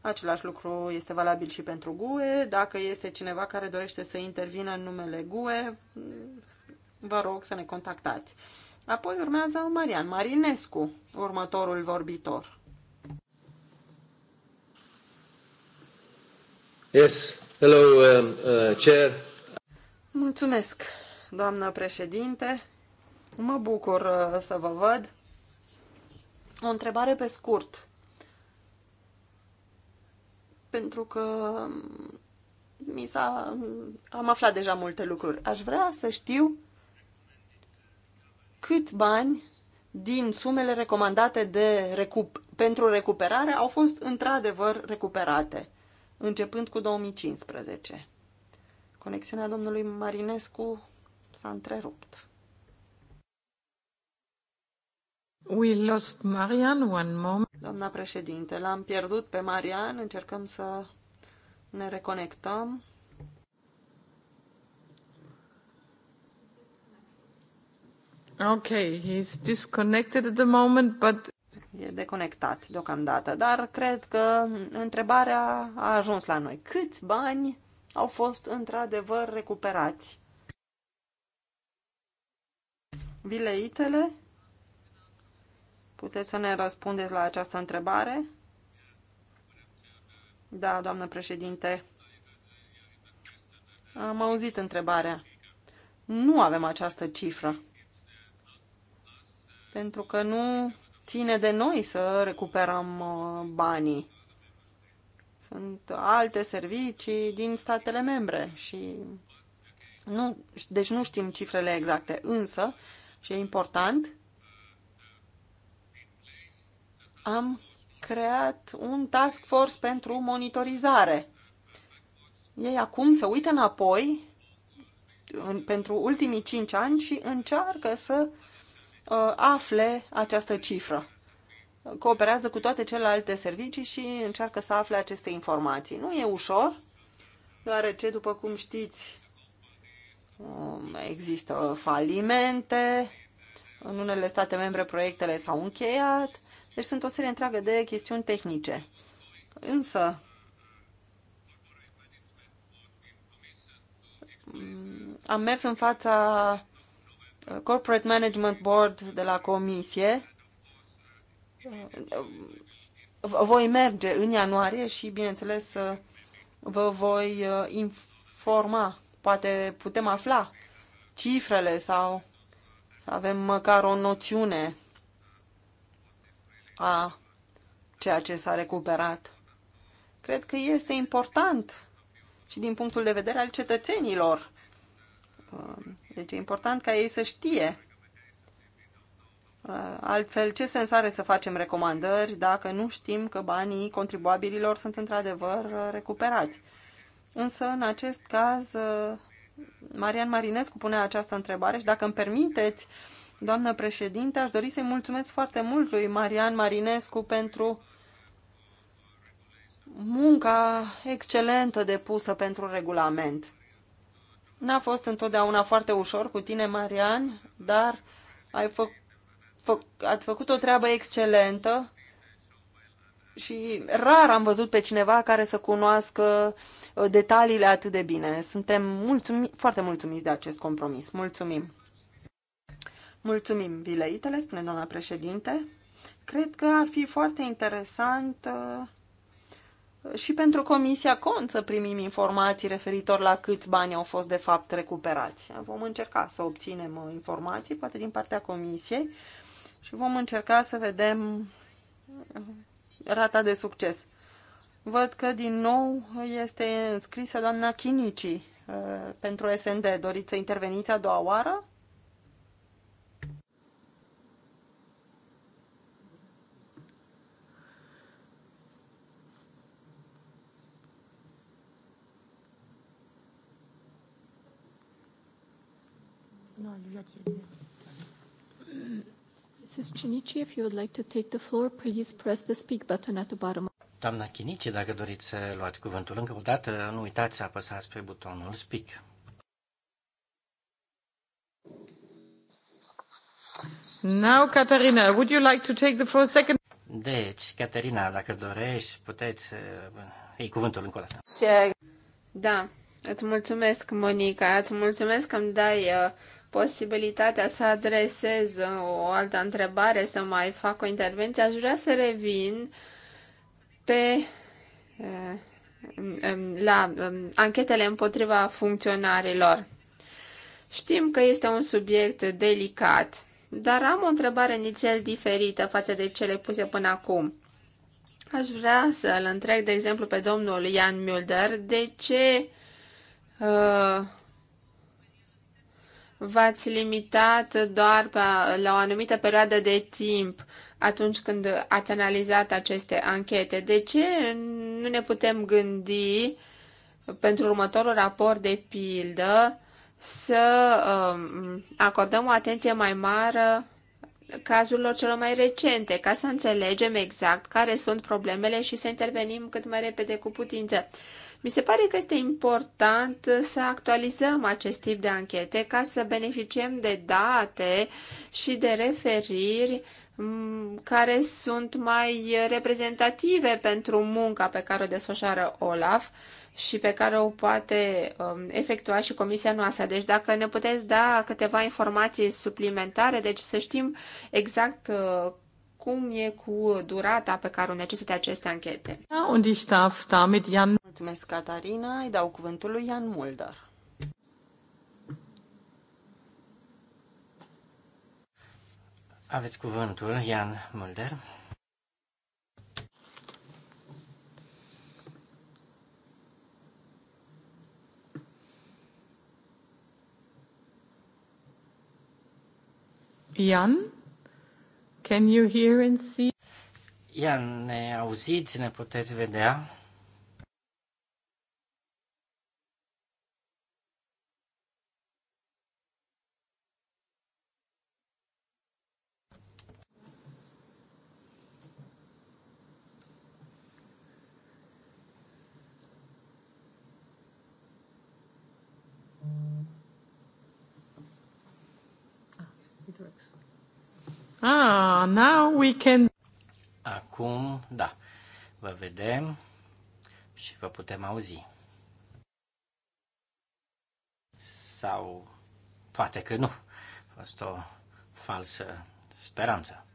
[SPEAKER 4] Același lucru este valabil și pentru GUE. Dacă este cineva care dorește să intervină în numele GUE, vă rog să ne contactați. Apoi urmează Marian Marinescu, următorul vorbitor.
[SPEAKER 1] Yes, hello,
[SPEAKER 2] um, uh, chair.
[SPEAKER 4] Mulțumesc, doamnă președinte. Mă bucur uh, să vă văd. O întrebare pe scurt. Pentru că um, mi s-a... Um, am aflat deja multe lucruri. Aș vrea să știu câți bani din sumele recomandate de recup- pentru recuperare au fost într-adevăr recuperate, începând cu 2015. Conexiunea domnului Marinescu S-a întrerupt.
[SPEAKER 1] We lost Marian, one moment. Doamna
[SPEAKER 4] președinte, l-am pierdut pe Marian, încercăm să ne reconectăm.
[SPEAKER 1] Ok, he's disconnected at the moment, but... E deconectat
[SPEAKER 4] deocamdată, dar cred că întrebarea a ajuns la noi. Câți bani au fost într-adevăr recuperați? Bileitele? Puteți să ne răspundeți la această întrebare? Da, doamnă președinte. Am auzit întrebarea. Nu avem această cifră. Pentru că nu ține de noi să recuperăm uh, banii. Sunt alte servicii din statele membre și nu, deci nu știm cifrele exacte, însă și e important, am creat un task force pentru monitorizare. Ei acum se uită înapoi în, pentru ultimii 5 ani și încearcă să uh, afle această cifră. Cooperează cu toate celelalte servicii și încearcă să afle aceste informații. Nu e ușor, deoarece, după cum știți, Um, există falimente, în unele state membre proiectele s-au încheiat, deci sunt o serie întreagă de chestiuni tehnice. Însă, mm, am mers în fața Corporate Management Board de la Comisie. Voi merge în ianuarie și, bineînțeles, vă voi uh, informa Poate putem afla cifrele sau să avem măcar o noțiune a ceea ce s-a recuperat. Cred că este important și din punctul de vedere al cetățenilor. Uh, deci e important ca ei să știe. Uh, altfel, ce sens are să facem recomandări dacă nu știm că banii contribuabililor sunt într-adevăr uh, recuperați? Însă, în acest caz, uh, Marian Marinescu pune această întrebare și dacă îmi permiteți, doamnă președinte, aș dori să-i mulțumesc foarte mult lui Marian Marinescu pentru munca excelentă depusă pentru regulament. N-a fost întotdeauna foarte ușor cu tine, Marian, dar ai fă, fă, ați făcut o treabă excelentă și rar am văzut pe cineva care să cunoască uh, detaliile atât de bine. Suntem mulțumi, foarte mulțumiți de acest compromis. Mulțumim! Mulțumim, Vileitele, spune doamna președinte. Cred că ar fi foarte interesant uh, și pentru Comisia Cont să primim informații referitor la câți bani au fost de fapt recuperați. Vom încerca să obținem uh, informații, poate din partea Comisiei, și vom încerca să vedem uh, rata de succes. Văd că din nou este înscrisă doamna Chinici uh, pentru SND. Doriți să interveniți a doua oară?
[SPEAKER 2] Mrs. Chinichi, if you would like to take the floor, please press the speak button at the bottom.
[SPEAKER 3] Doamna Chinice, dacă doriți să luați cuvântul încă o dată, nu uitați să apăsați pe butonul Speak.
[SPEAKER 1] Now, Caterina, would you like to take the floor second?
[SPEAKER 3] Deci, Caterina, dacă dorești, puteți... Uh, Ei, cuvântul încă o dată.
[SPEAKER 1] Da,
[SPEAKER 2] îți mulțumesc, Monica, îți mulțumesc că îmi dai uh, posibilitatea să adresez uh, o altă întrebare, să mai fac o intervenție. Aș vrea să revin uh, pe eh, la anchetele împotriva funcționarilor. Știm că este un subiect delicat, dar am o întrebare nițel diferită față de cele puse până acum. Aș vrea să-l întreb, de exemplu, pe domnul Ian Mulder de ce uh, v-ați limitat doar pe, la o anumită perioadă de timp atunci când ați analizat aceste anchete. De ce nu ne putem gândi pentru următorul raport de pildă să uh, acordăm o atenție mai mare cazurilor celor mai recente, ca să înțelegem exact care sunt problemele și să intervenim cât mai repede cu putință. Mi se pare că este important să actualizăm acest tip de anchete ca să beneficiem de date și de referiri care sunt mai reprezentative pentru munca pe care o desfășoară OLAF și pe care o poate um, efectua și comisia noastră. Deci dacă ne puteți da câteva informații suplimentare, deci să știm exact uh, cum e cu durata pe care o necesită aceste anchete.
[SPEAKER 1] Da,
[SPEAKER 2] Mulțumesc, Catarina. Îi dau cuvântul
[SPEAKER 4] lui Ian Mulder.
[SPEAKER 3] Aveți cuvântul, Ian Mulder.
[SPEAKER 1] Ian? Can you hear and see?
[SPEAKER 3] Ia, ne auziți, ne puteți vedea?
[SPEAKER 1] Ah, now we can...
[SPEAKER 3] Acum, da, vă vedem și vă putem auzi. Sau poate că nu. A fost o falsă speranță.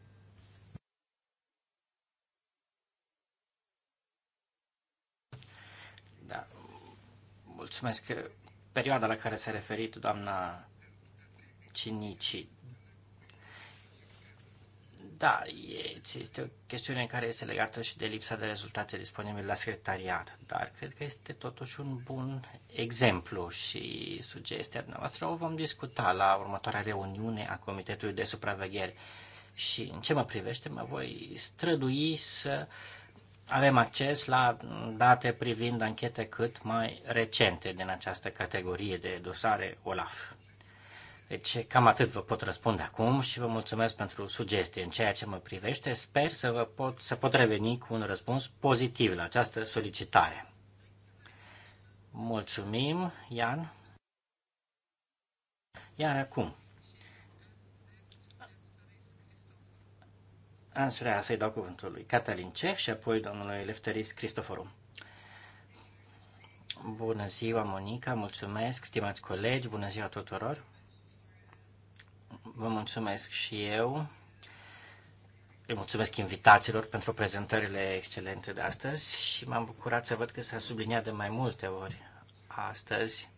[SPEAKER 3] Da. Mulțumesc că perioada la care s-a referit doamna Cinici da, este o chestiune care este legată și de lipsa de rezultate disponibile la secretariat, dar cred că este totuși un bun exemplu și sugestia noastră o vom discuta la următoarea reuniune a Comitetului de Supraveghere și în ce mă privește mă voi strădui să avem acces la date privind anchete cât mai recente din această categorie de dosare OLAF. Deci cam atât vă pot răspunde acum și vă mulțumesc pentru sugestie în ceea ce mă privește. Sper să, vă pot, să pot reveni cu un răspuns pozitiv la această solicitare. Mulțumim, Ian. Iar acum. Aș vrea să-i dau cuvântul lui Catalin Ceh și apoi domnului Lefteris Cristoforu. Bună ziua, Monica, mulțumesc, stimați colegi, bună ziua tuturor! Vă mulțumesc și eu. Le mulțumesc invitațiilor pentru prezentările excelente de astăzi și m-am bucurat să văd că s-a subliniat de mai multe ori astăzi.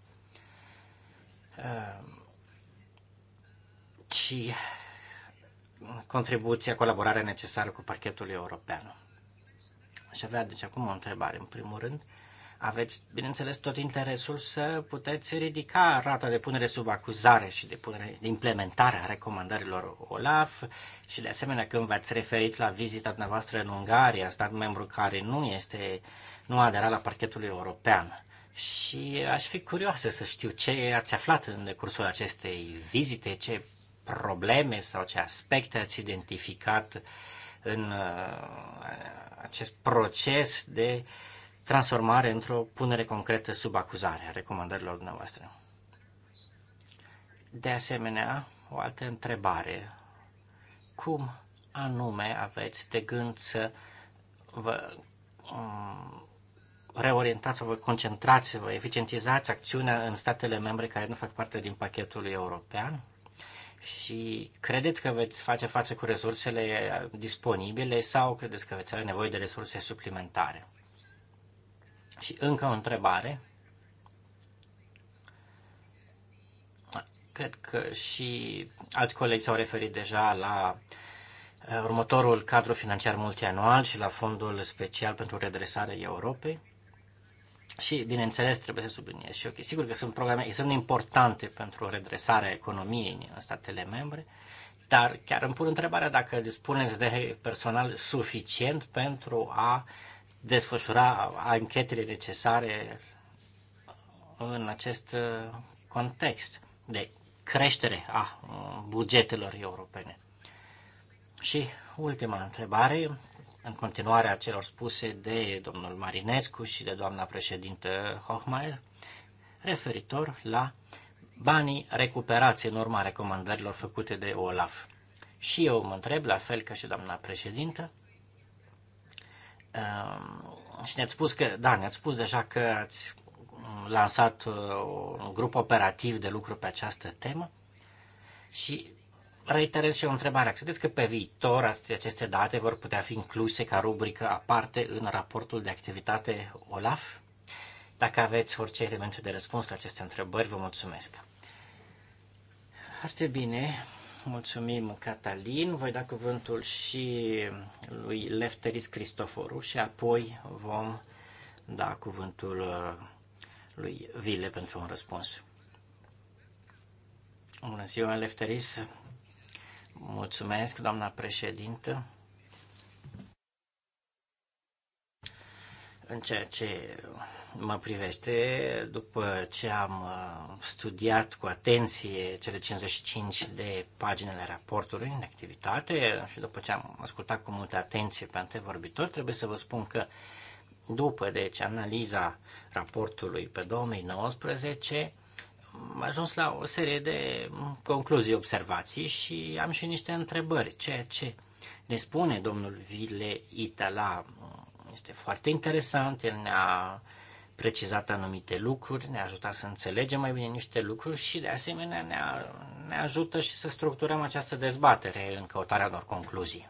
[SPEAKER 3] Uh, și contribuția, colaborarea necesară cu parchetul european. Aș avea deci acum o întrebare. În primul rând, uh, aveți, bineînțeles, tot interesul să puteți ridica rata de punere sub acuzare și de, punere, de implementare a recomandărilor OLAF și, de asemenea, când v-ați referit la vizita dumneavoastră în Ungaria, stat membru care nu este, nu a aderat la parchetul european. Și aș fi curioasă să știu ce ați aflat în decursul acestei vizite, ce probleme sau ce aspecte ați identificat în uh, acest proces de uh, transformare într-o punere concretă sub acuzare a recomandărilor dumneavoastră. De asemenea, o altă întrebare. Cum anume aveți de gând să vă um, reorientați să vă concentrați, să vă eficientizați acțiunea în statele membre care nu fac parte din pachetul european? Și credeți că veți face față cu resursele disponibile sau credeți că veți avea nevoie de resurse suplimentare? Și încă o întrebare. Cred că și alți colegi s-au referit deja la uh, următorul cadru financiar multianual și la fondul special pentru redresarea Europei. Și, bineînțeles, trebuie să subliniez și ok, sigur că sunt programe extrem de importante pentru redresarea economiei în statele membre, dar chiar îmi pun întrebarea dacă dispuneți de personal suficient pentru a uh, desfășura anchetele necesare în acest uh, context de creștere a uh, bugetelor europene. Și ultima întrebare, în continuare a celor spuse de domnul Marinescu și de doamna președintă Hochmeier, referitor la banii recuperați în urma recomandărilor făcute de OLAF. Și eu mă întreb, la fel ca și doamna președintă, Ehm, și ne-ați spus că, da, ne-ați spus deja că ați lansat uh, un grup operativ de lucru pe această temă și reiterez și o întrebare. Credeți că pe viitor aceste date vor putea fi incluse ca rubrică aparte în raportul de activitate OLAF? Dacă aveți orice elemente de răspuns la aceste întrebări, vă mulțumesc. Foarte bine. Mulțumim, Catalin. Voi da cuvântul și lui Lefteris Cristoforu și apoi vom da cuvântul uh, lui Vile pentru un răspuns. Bună ziua, Lefteris. Mulțumesc, doamna președintă. În ceea ce mă privește, după ce am uh, studiat cu atenție cele 55 de ale raportului în activitate și după ce am ascultat cu multă atenție pe antevorbitor, trebuie să vă spun că după deci analiza raportului pe 2019, am ajuns la o serie de concluzii, observații și am și niște întrebări. Ceea ce ne spune domnul Vile Itala este foarte interesant, el ne-a precizat anumite lucruri, ne-a ajutat să înțelegem mai bine niște lucruri și, de asemenea, ne, ne ajută și să structurăm această dezbatere în căutarea unor concluzii.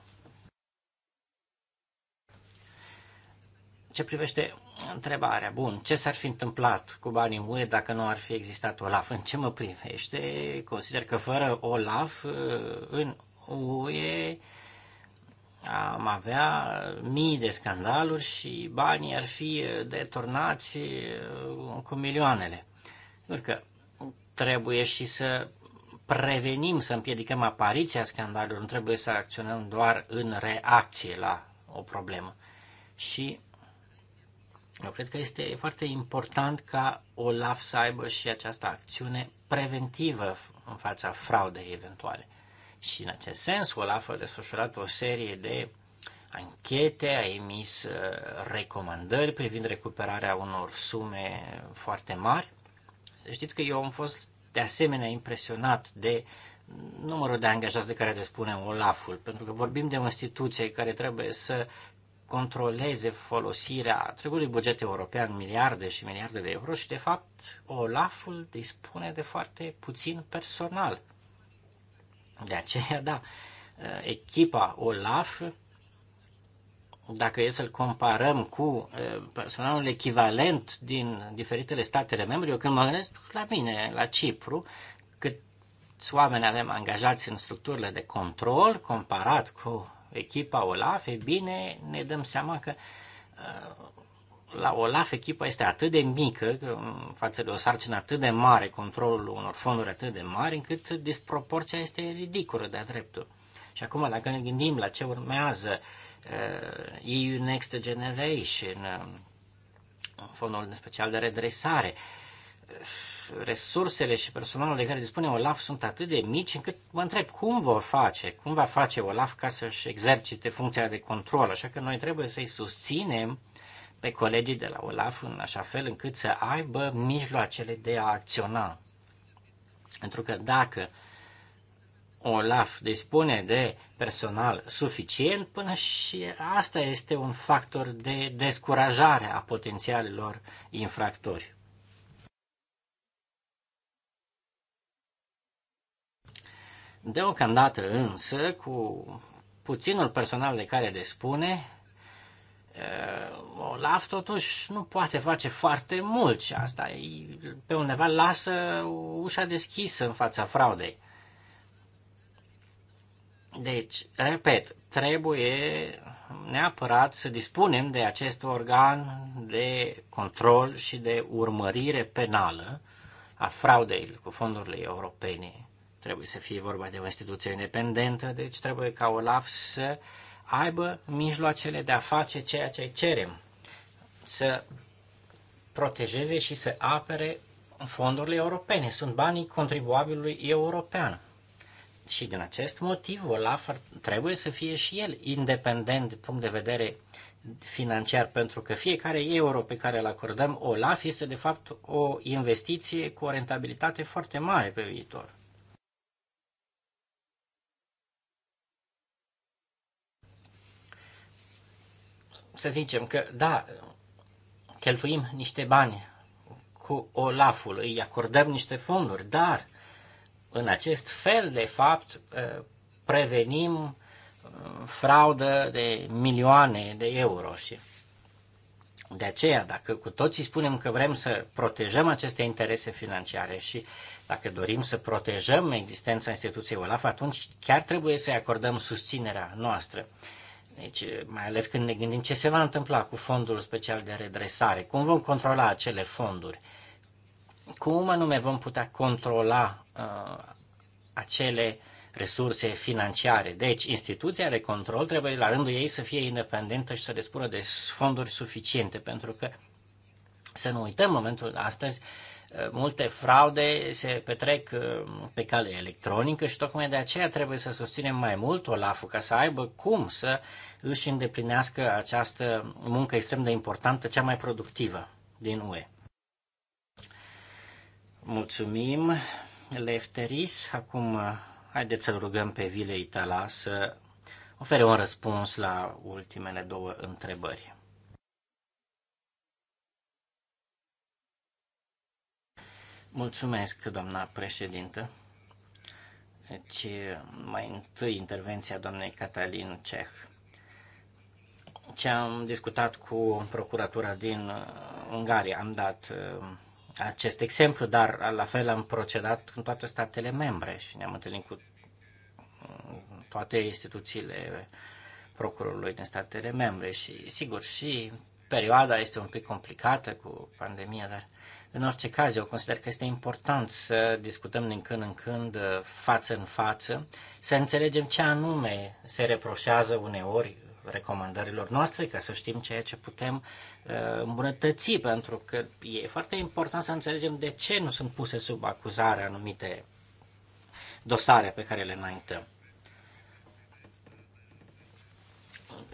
[SPEAKER 3] Ce privește întrebarea, bun, ce s-ar fi întâmplat cu banii UE dacă nu ar fi existat OLAF? În ce mă privește, consider că fără OLAF în UE am avea mii de scandaluri și banii ar fi deturnați uh, cu milioanele. Pentru că trebuie și să prevenim, să împiedicăm apariția scandalurilor, nu trebuie să acționăm doar în reacție la o problemă. Și eu cred că este foarte important ca OLAF să aibă și această acțiune preventivă în fața fraudei eventuale. Și în acest sens, Olaf a desfășurat o serie de anchete, a emis uh, recomandări privind recuperarea unor sume foarte mari. Să știți că eu am fost de asemenea impresionat de numărul de angajați de care dispune Olaful, pentru că vorbim de o instituție care trebuie să controleze folosirea întregului buget european, miliarde și miliarde de euro și, de fapt, Olaful dispune de foarte puțin personal. De aceea, da, uh, echipa OLAF, dacă e să-l comparăm cu uh, personalul echivalent din diferitele statele membre, eu când mă gândesc la mine, la Cipru, câți oameni avem angajați în structurile de control, comparat cu echipa OLAF, e bine, ne dăm seama că uh, la OLAF echipa este atât de mică față de o sarcină atât de mare, controlul unor fonduri atât de mari, încât disproporția este ridicolă de-a dreptul. Și acum, dacă ne gândim la ce urmează uh, EU Next Generation, uh, fondul special de redresare, uh, resursele și personalul de care dispune OLAF sunt atât de mici încât mă întreb cum vor face, cum va face OLAF ca să-și exercite funcția de control. Așa că noi trebuie să-i susținem uh, pe colegii de la OLAF în așa fel încât să aibă mijloacele de a acționa. Pentru că dacă OLAF dispune de personal suficient, până și asta este un factor de descurajare a potențialilor infractori. Deocamdată însă, cu puținul personal de care dispune, Eh, Olaf totuși nu poate face foarte mult și asta pe undeva lasă ușa deschisă în fața fraudei. Deci, repet, trebuie neapărat să dispunem de acest organ de control și de urmărire penală a fraudei cu fondurile europene. Trebuie să fie vorba de o instituție independentă, deci trebuie ca OLAF să uh, aibă mijloacele de a face ceea ce cerem, să protejeze și să apere fondurile europene. Sunt banii contribuabilului european. Și din acest motiv, Olaf trebuie să fie și el independent din punct de vedere financiar, pentru că fiecare euro pe care îl acordăm Olaf este de fapt o investiție cu o rentabilitate foarte mare pe viitor. să zicem că, da, cheltuim niște bani cu Olaful, îi acordăm niște fonduri, dar în acest fel, de fapt, ă, prevenim ă, fraudă de milioane de euro și de aceea, dacă cu toții spunem că vrem să protejăm aceste interese financiare și dacă dorim să protejăm existența instituției OLAF, atunci chiar trebuie să-i acordăm susținerea noastră. Deci, mai ales când ne gândim ce se va întâmpla cu fondul special de redresare, cum vom controla acele fonduri, cum anume vom putea controla uh, acele resurse financiare. Deci, instituția de control trebuie la rândul ei să fie independentă și să dispună de fonduri suficiente, pentru că să nu uităm momentul de astăzi, uh, multe fraude se petrec uh, pe cale electronică și tocmai de aceea trebuie să susținem mai mult Olaful ca să aibă cum să își îndeplinească această muncă extrem de importantă, cea mai productivă din UE. Mulțumim, Lefteris. Acum uh, haideți să-l rugăm pe Vile Itala să ofere un răspuns la ultimele două întrebări. Mulțumesc, doamna președintă. Deci, mai întâi intervenția doamnei Catalin Ceh. Ce am discutat cu procuratura din uh, Ungaria, am dat uh, acest exemplu, dar la fel am procedat în toate statele membre și ne-am întâlnit cu uh, toate instituțiile procurorului din statele membre și sigur și perioada este un pic complicată cu pandemia, dar în orice caz, eu consider că este important să discutăm din când în când, uh, față în față, să înțelegem ce anume se reproșează uneori recomandărilor noastre, ca să știm ceea ce putem uh, îmbunătăți, pentru că e foarte important să înțelegem de ce nu sunt puse sub acuzare anumite dosare pe care le înaintăm.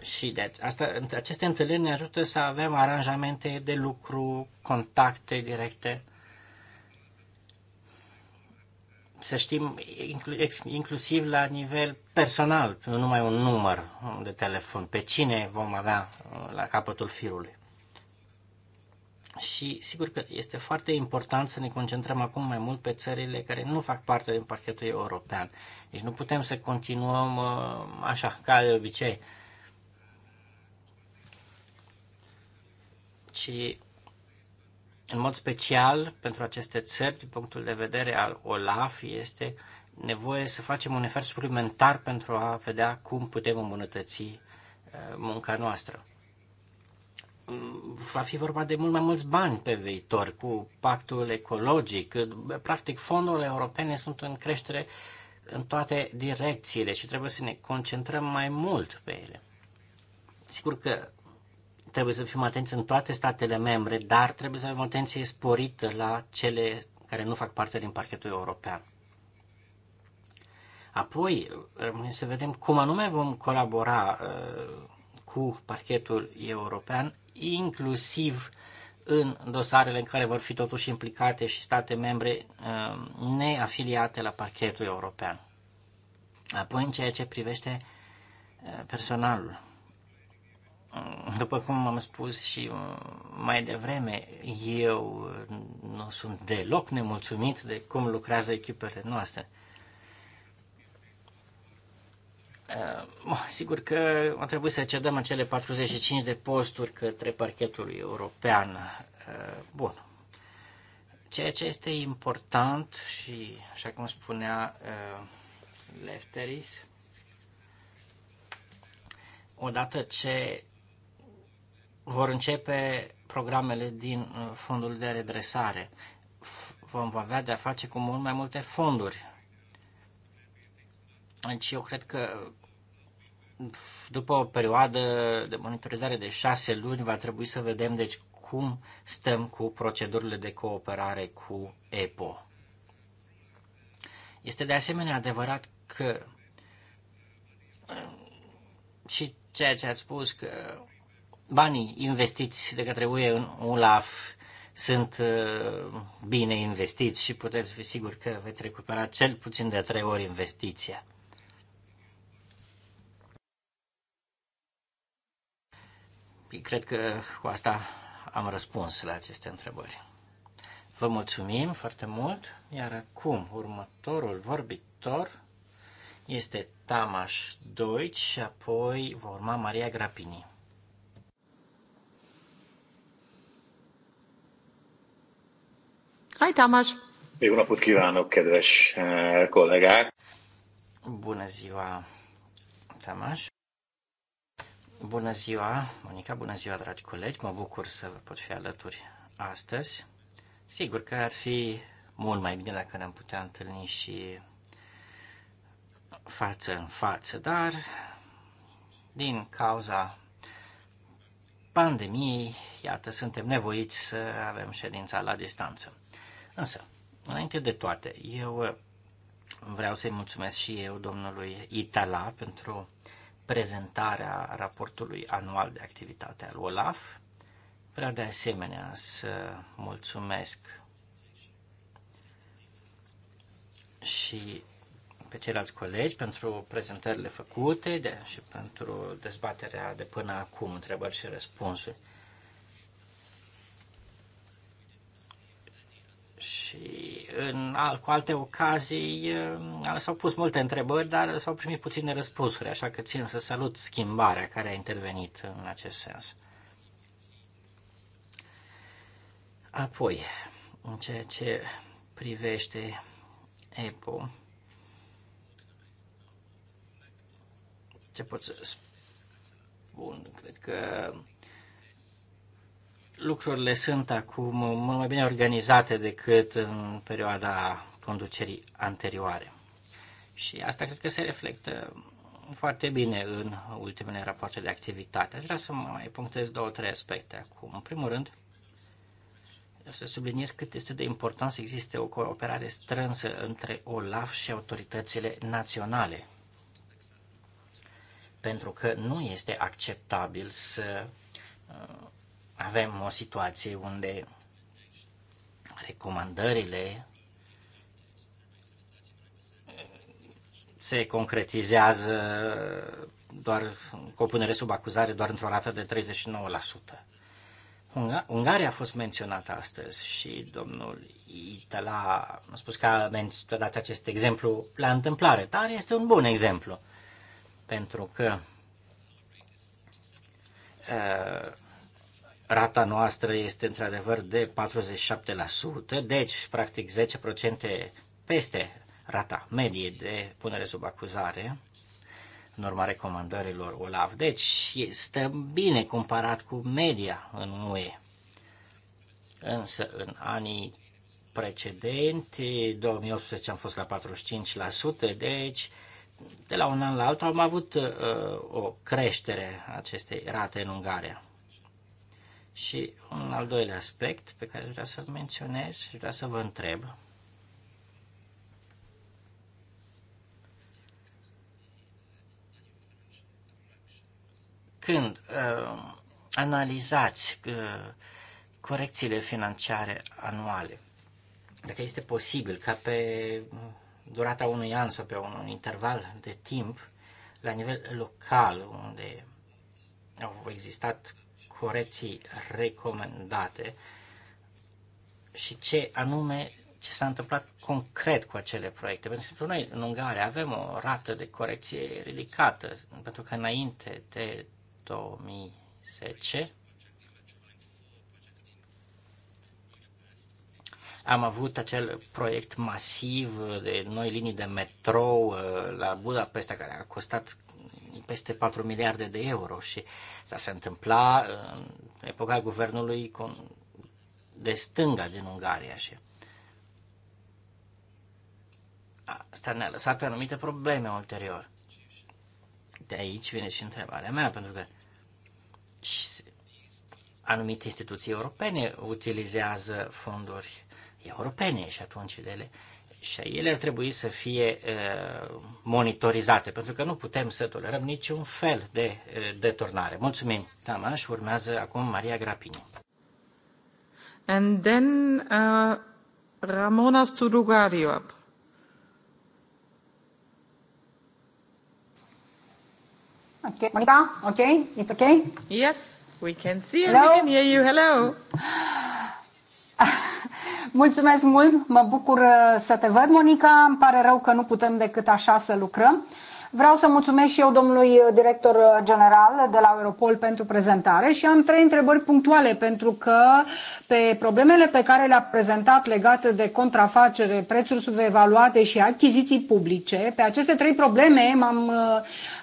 [SPEAKER 3] Și de asta, aceste întâlniri ne ajută să avem aranjamente de lucru, contacte directe, să știm inclusiv la nivel personal, nu numai un număr de telefon, pe cine vom avea uh, la capătul firului. Și sigur că este foarte important să ne concentrăm acum mai mult pe țările care nu fac parte din parchetul european. Deci nu putem să continuăm uh, așa, ca de obicei. ci în mod special pentru aceste țări, din punctul de vedere al OLAF, este nevoie să facem un efort suplimentar pentru a vedea cum putem îmbunătăți uh, munca noastră. Va fi vorba de mult mai mulți bani pe viitor cu pactul ecologic. Practic, fondurile europene sunt în creștere în toate direcțiile și trebuie să ne concentrăm mai mult pe ele. Sigur că Trebuie să fim atenți în toate statele membre, dar trebuie să avem atenție sporită la cele care nu fac parte din parchetul european. Apoi, rămâne să vedem cum anume vom colabora uh, cu parchetul european, inclusiv în dosarele în care vor fi totuși implicate și state membre uh, neafiliate la parchetul european. Apoi, în ceea ce privește uh, personalul după cum am spus și uh, mai devreme, eu uh, nu sunt deloc nemulțumit de cum lucrează echipele noastre. Uh, sigur că a trebuit să cedăm acele 45 de posturi către parchetul european. Bun. Ceea ce este important și, așa cum spunea Lefteris, odată ce vor începe programele din uh, fondul de redresare. Vom avea de-a face cu mult mai multe fonduri. Deci eu cred că după o perioadă de monitorizare de șase luni va trebui să vedem deci cum stăm cu procedurile de cooperare cu EPO. Este de asemenea adevărat că uh, și ceea ce ați spus că banii investiți de către UE în ULAF sunt uh, bine investiți și puteți fi siguri că veți recupera cel puțin de trei ori investiția. Cred că cu asta am răspuns la aceste întrebări. Vă mulțumim foarte mult, iar acum următorul vorbitor este Tamaș Deutsch și apoi va urma Maria Grapini.
[SPEAKER 1] Hai, Tamás! Jó napot kívánok, kedves eh, kollégák!
[SPEAKER 3] Bună ziua, Tamás! Bună ziua, Monica, bună ziua, dragi colegi! Mă bucur să vă pot fi alături astăzi. Sigur că ar fi mult mai bine dacă ne-am putea întâlni și față în față, dar din cauza pandemiei, iată, suntem nevoiți să avem ședința la distanță. Însă, înainte de toate, eu uh, vreau să-i mulțumesc și eu domnului Itala pentru prezentarea raportului anual de activitate al OLAF. Vreau de asemenea să mulțumesc și pe ceilalți colegi pentru prezentările făcute de, și pentru dezbaterea de până acum, întrebări și răspunsuri. și în, cu alte ocazii um, s-au pus multe întrebări, dar s-au primit puține răspunsuri, așa că țin să salut schimbarea care a intervenit în acest sens. Apoi, în ceea ce privește EPO, ce pot să spun, cred că lucrurile sunt acum mult mai bine organizate decât în perioada conducerii anterioare. Și asta cred că se reflectă foarte bine în ultimele rapoarte de activitate. Aș vrea să mai punctez două, trei aspecte acum. În primul rând, să subliniez cât este de important să existe o cooperare strânsă între OLAF și autoritățile naționale. Pentru că nu este acceptabil să uh, avem o situație unde recomandările se concretizează doar cu o punere sub acuzare doar într-o rată de 39%. Ungaria a fost menționată astăzi și domnul Itala a spus că a menționat acest exemplu la întâmplare, dar este un bun exemplu, pentru că uh, Rata noastră este într-adevăr de 47%, deci practic 10% peste rata medie de punere sub acuzare în urma recomandărilor OLAF. Deci stă bine comparat cu media în UE. Însă în anii precedenti, 2018 am fost la 45%, deci de la un an la altul am avut uh, o creștere acestei rate în Ungaria. Și un al doilea aspect pe care vreau să-l menționez și vreau să vă întreb. Când uh, analizați uh, corecțiile financiare anuale, dacă este posibil ca pe durata unui an sau pe un, un interval de timp, la nivel local, unde au existat corecții recomandate și ce anume ce s-a întâmplat concret cu acele proiecte. Pentru exemplu, noi în Ungaria avem o rată de corecție ridicată, pentru că înainte de 2010 am avut acel proiect masiv de noi linii de metrou uh, la Budapesta, care a costat peste 4 miliarde de euro și s-a se întâmpla uh, în epoca guvernului de stânga din Ungaria și asta ne-a lăsat anumite probleme ulterior. De aici vine și întrebarea mea, pentru că anumite instituții europene utilizează fonduri europene și atunci ele și ele ar trebui să fie uh, monitorizate, pentru că nu putem să tolerăm niciun fel de uh, deturnare. Mulțumim, Tamaș. Urmează acum
[SPEAKER 1] Maria Grapini. And then uh, Ramona Sturugariu. Okay, Monica, okay, it's okay? Yes, we can see you. Hello? we can hear you. Hello. Mulțumesc mult, mă bucur uh, să te văd, Monica. Îmi pare rău că nu putem decât așa să lucrăm. Vreau să mulțumesc și eu domnului uh, director uh, general de la Europol pentru prezentare și am trei întrebări punctuale pentru că pe problemele pe care le-a prezentat legate de contrafacere, prețuri subevaluate și achiziții publice, pe aceste trei probleme m-am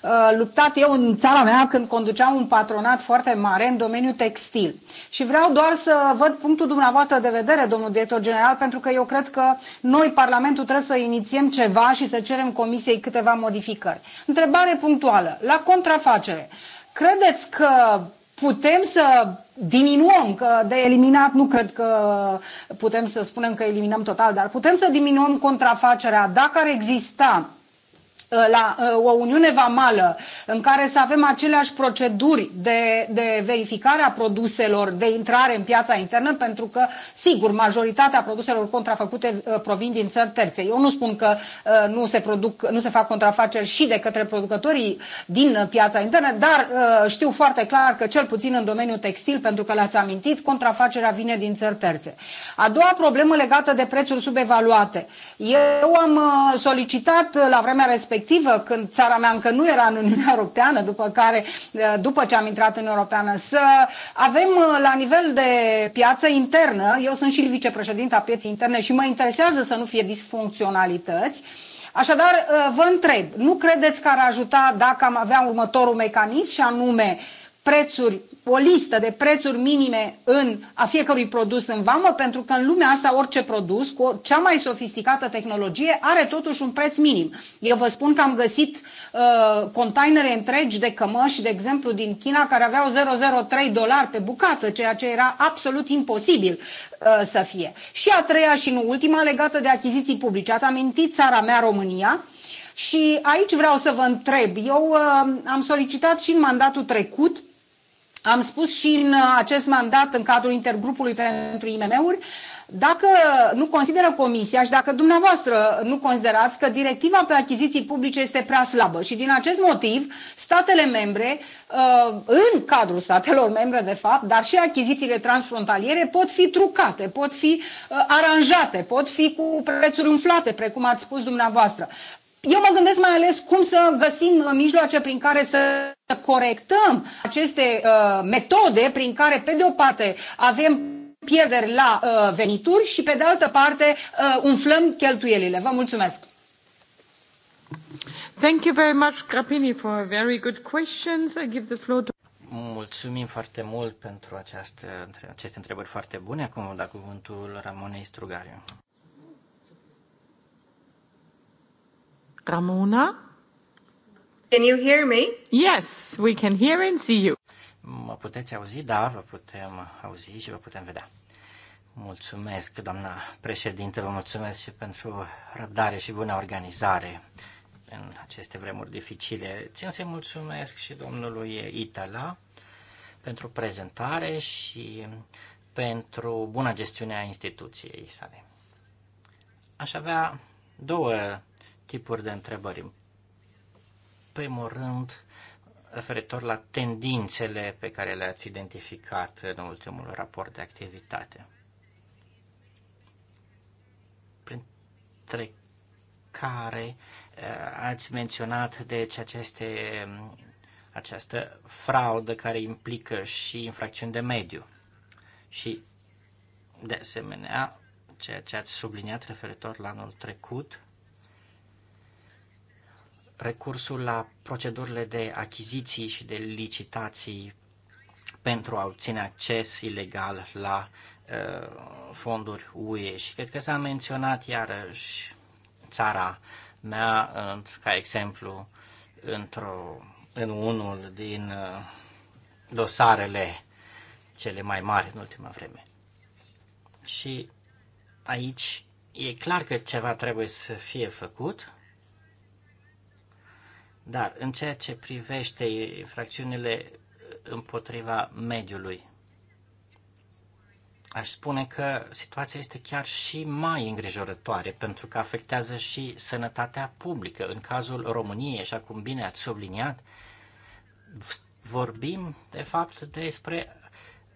[SPEAKER 1] Uh, luptat eu în țara mea când conduceam un patronat foarte mare în domeniul textil. Și vreau doar să văd punctul dumneavoastră de vedere, domnul director general, pentru că eu cred că noi, Parlamentul, trebuie să inițiem ceva și să cerem Comisiei câteva modificări. Întrebare punctuală. La contrafacere, credeți că putem să diminuăm, că de eliminat nu cred că putem să spunem că eliminăm total, dar putem să diminuăm contrafacerea dacă ar exista Uh, la uh, o uniune vamală în care să avem aceleași proceduri de, de verificare a produselor de intrare în piața internă, pentru că, sigur, majoritatea produselor contrafăcute uh, provin din țări terțe. Eu nu spun că nu se, produc, nu se fac contrafaceri și de către producătorii din piața internă, dar știu foarte clar că, cel puțin în domeniul textil, pentru că le-ați amintit, contrafacerea vine din țări terțe. A doua problemă legată de prețuri subevaluate. Eu am solicitat la vremea respectivă directivă când țara mea încă nu era în Uniunea Europeană, după care, eh, după ce am intrat în Europeană, să avem eh, la nivel de piață internă, eu sunt și vicepreședinta pieții interne și mă interesează să nu fie disfuncționalități, Așadar, eh, vă întreb, nu credeți că ar ajuta dacă am avea următorul mecanism și anume prețuri o listă de prețuri minime în a fiecărui produs în vamă, pentru că în lumea asta orice produs cu cea mai sofisticată tehnologie are totuși un preț minim. Eu vă spun că am găsit uh, containere întregi de cămăși, de exemplu, din China, care aveau 003 dolari pe bucată, ceea ce era absolut imposibil uh, să fie. Și a treia și nu ultima legată de achiziții publice. Ați amintit țara mea, România, și aici vreau să vă întreb. Eu uh, am solicitat și în mandatul trecut am spus și în uh, acest mandat, în cadrul intergrupului pentru IMM-uri, dacă nu consideră Comisia și dacă dumneavoastră nu considerați că directiva pe achiziții publice este prea slabă și din acest motiv statele membre, uh, în cadrul statelor membre de fapt, dar și achizițiile transfrontaliere pot fi trucate, pot fi uh, aranjate, pot fi cu prețuri umflate, precum ați spus dumneavoastră. Eu mă gândesc mai ales cum să găsim uh, mijloace prin care să corectăm aceste uh, metode prin care, pe de o parte, avem pierderi la uh, venituri și, pe de altă parte, uh, umflăm cheltuielile. Vă mulțumesc! Thank you very much, Grappini, for very good questions. I give the floor to...
[SPEAKER 3] Mulțumim foarte mult pentru această, aceste întrebări foarte bune. Acum vă da cuvântul Ramonei Strugariu.
[SPEAKER 1] Ramona?
[SPEAKER 2] Can you hear me?
[SPEAKER 3] Yes, we can hear and see you. Mă puteți auzi? Da, vă putem auzi și vă putem vedea. Mulțumesc, doamna președinte, vă mulțumesc și pentru răbdare și bună organizare în aceste vremuri dificile. Țin să-i mulțumesc și domnului Itala pentru prezentare și pentru buna gestiune a instituției sale. Aș avea două tipuri de întrebări. primul rând, referitor la tendințele pe care le-ați identificat în ultimul raport de activitate. Printre care eh, ați menționat deci aceste, mm, această fraudă care implică și infracțiuni de mediu și de asemenea ceea ce ați subliniat referitor la anul trecut recursul la procedurile de achiziții și de licitații pentru a obține acces ilegal la uh, fonduri UE. Și cred că s-a menționat iarăși țara mea în, ca exemplu într-o, în unul din uh, dosarele cele mai mari în ultima vreme. Și aici e clar că ceva trebuie să fie făcut dar în ceea ce privește infracțiunile împotriva mediului, aș spune că situația este chiar și mai îngrijorătoare, pentru că afectează și sănătatea publică. În cazul României, așa cum bine ați subliniat, vorbim, de fapt, despre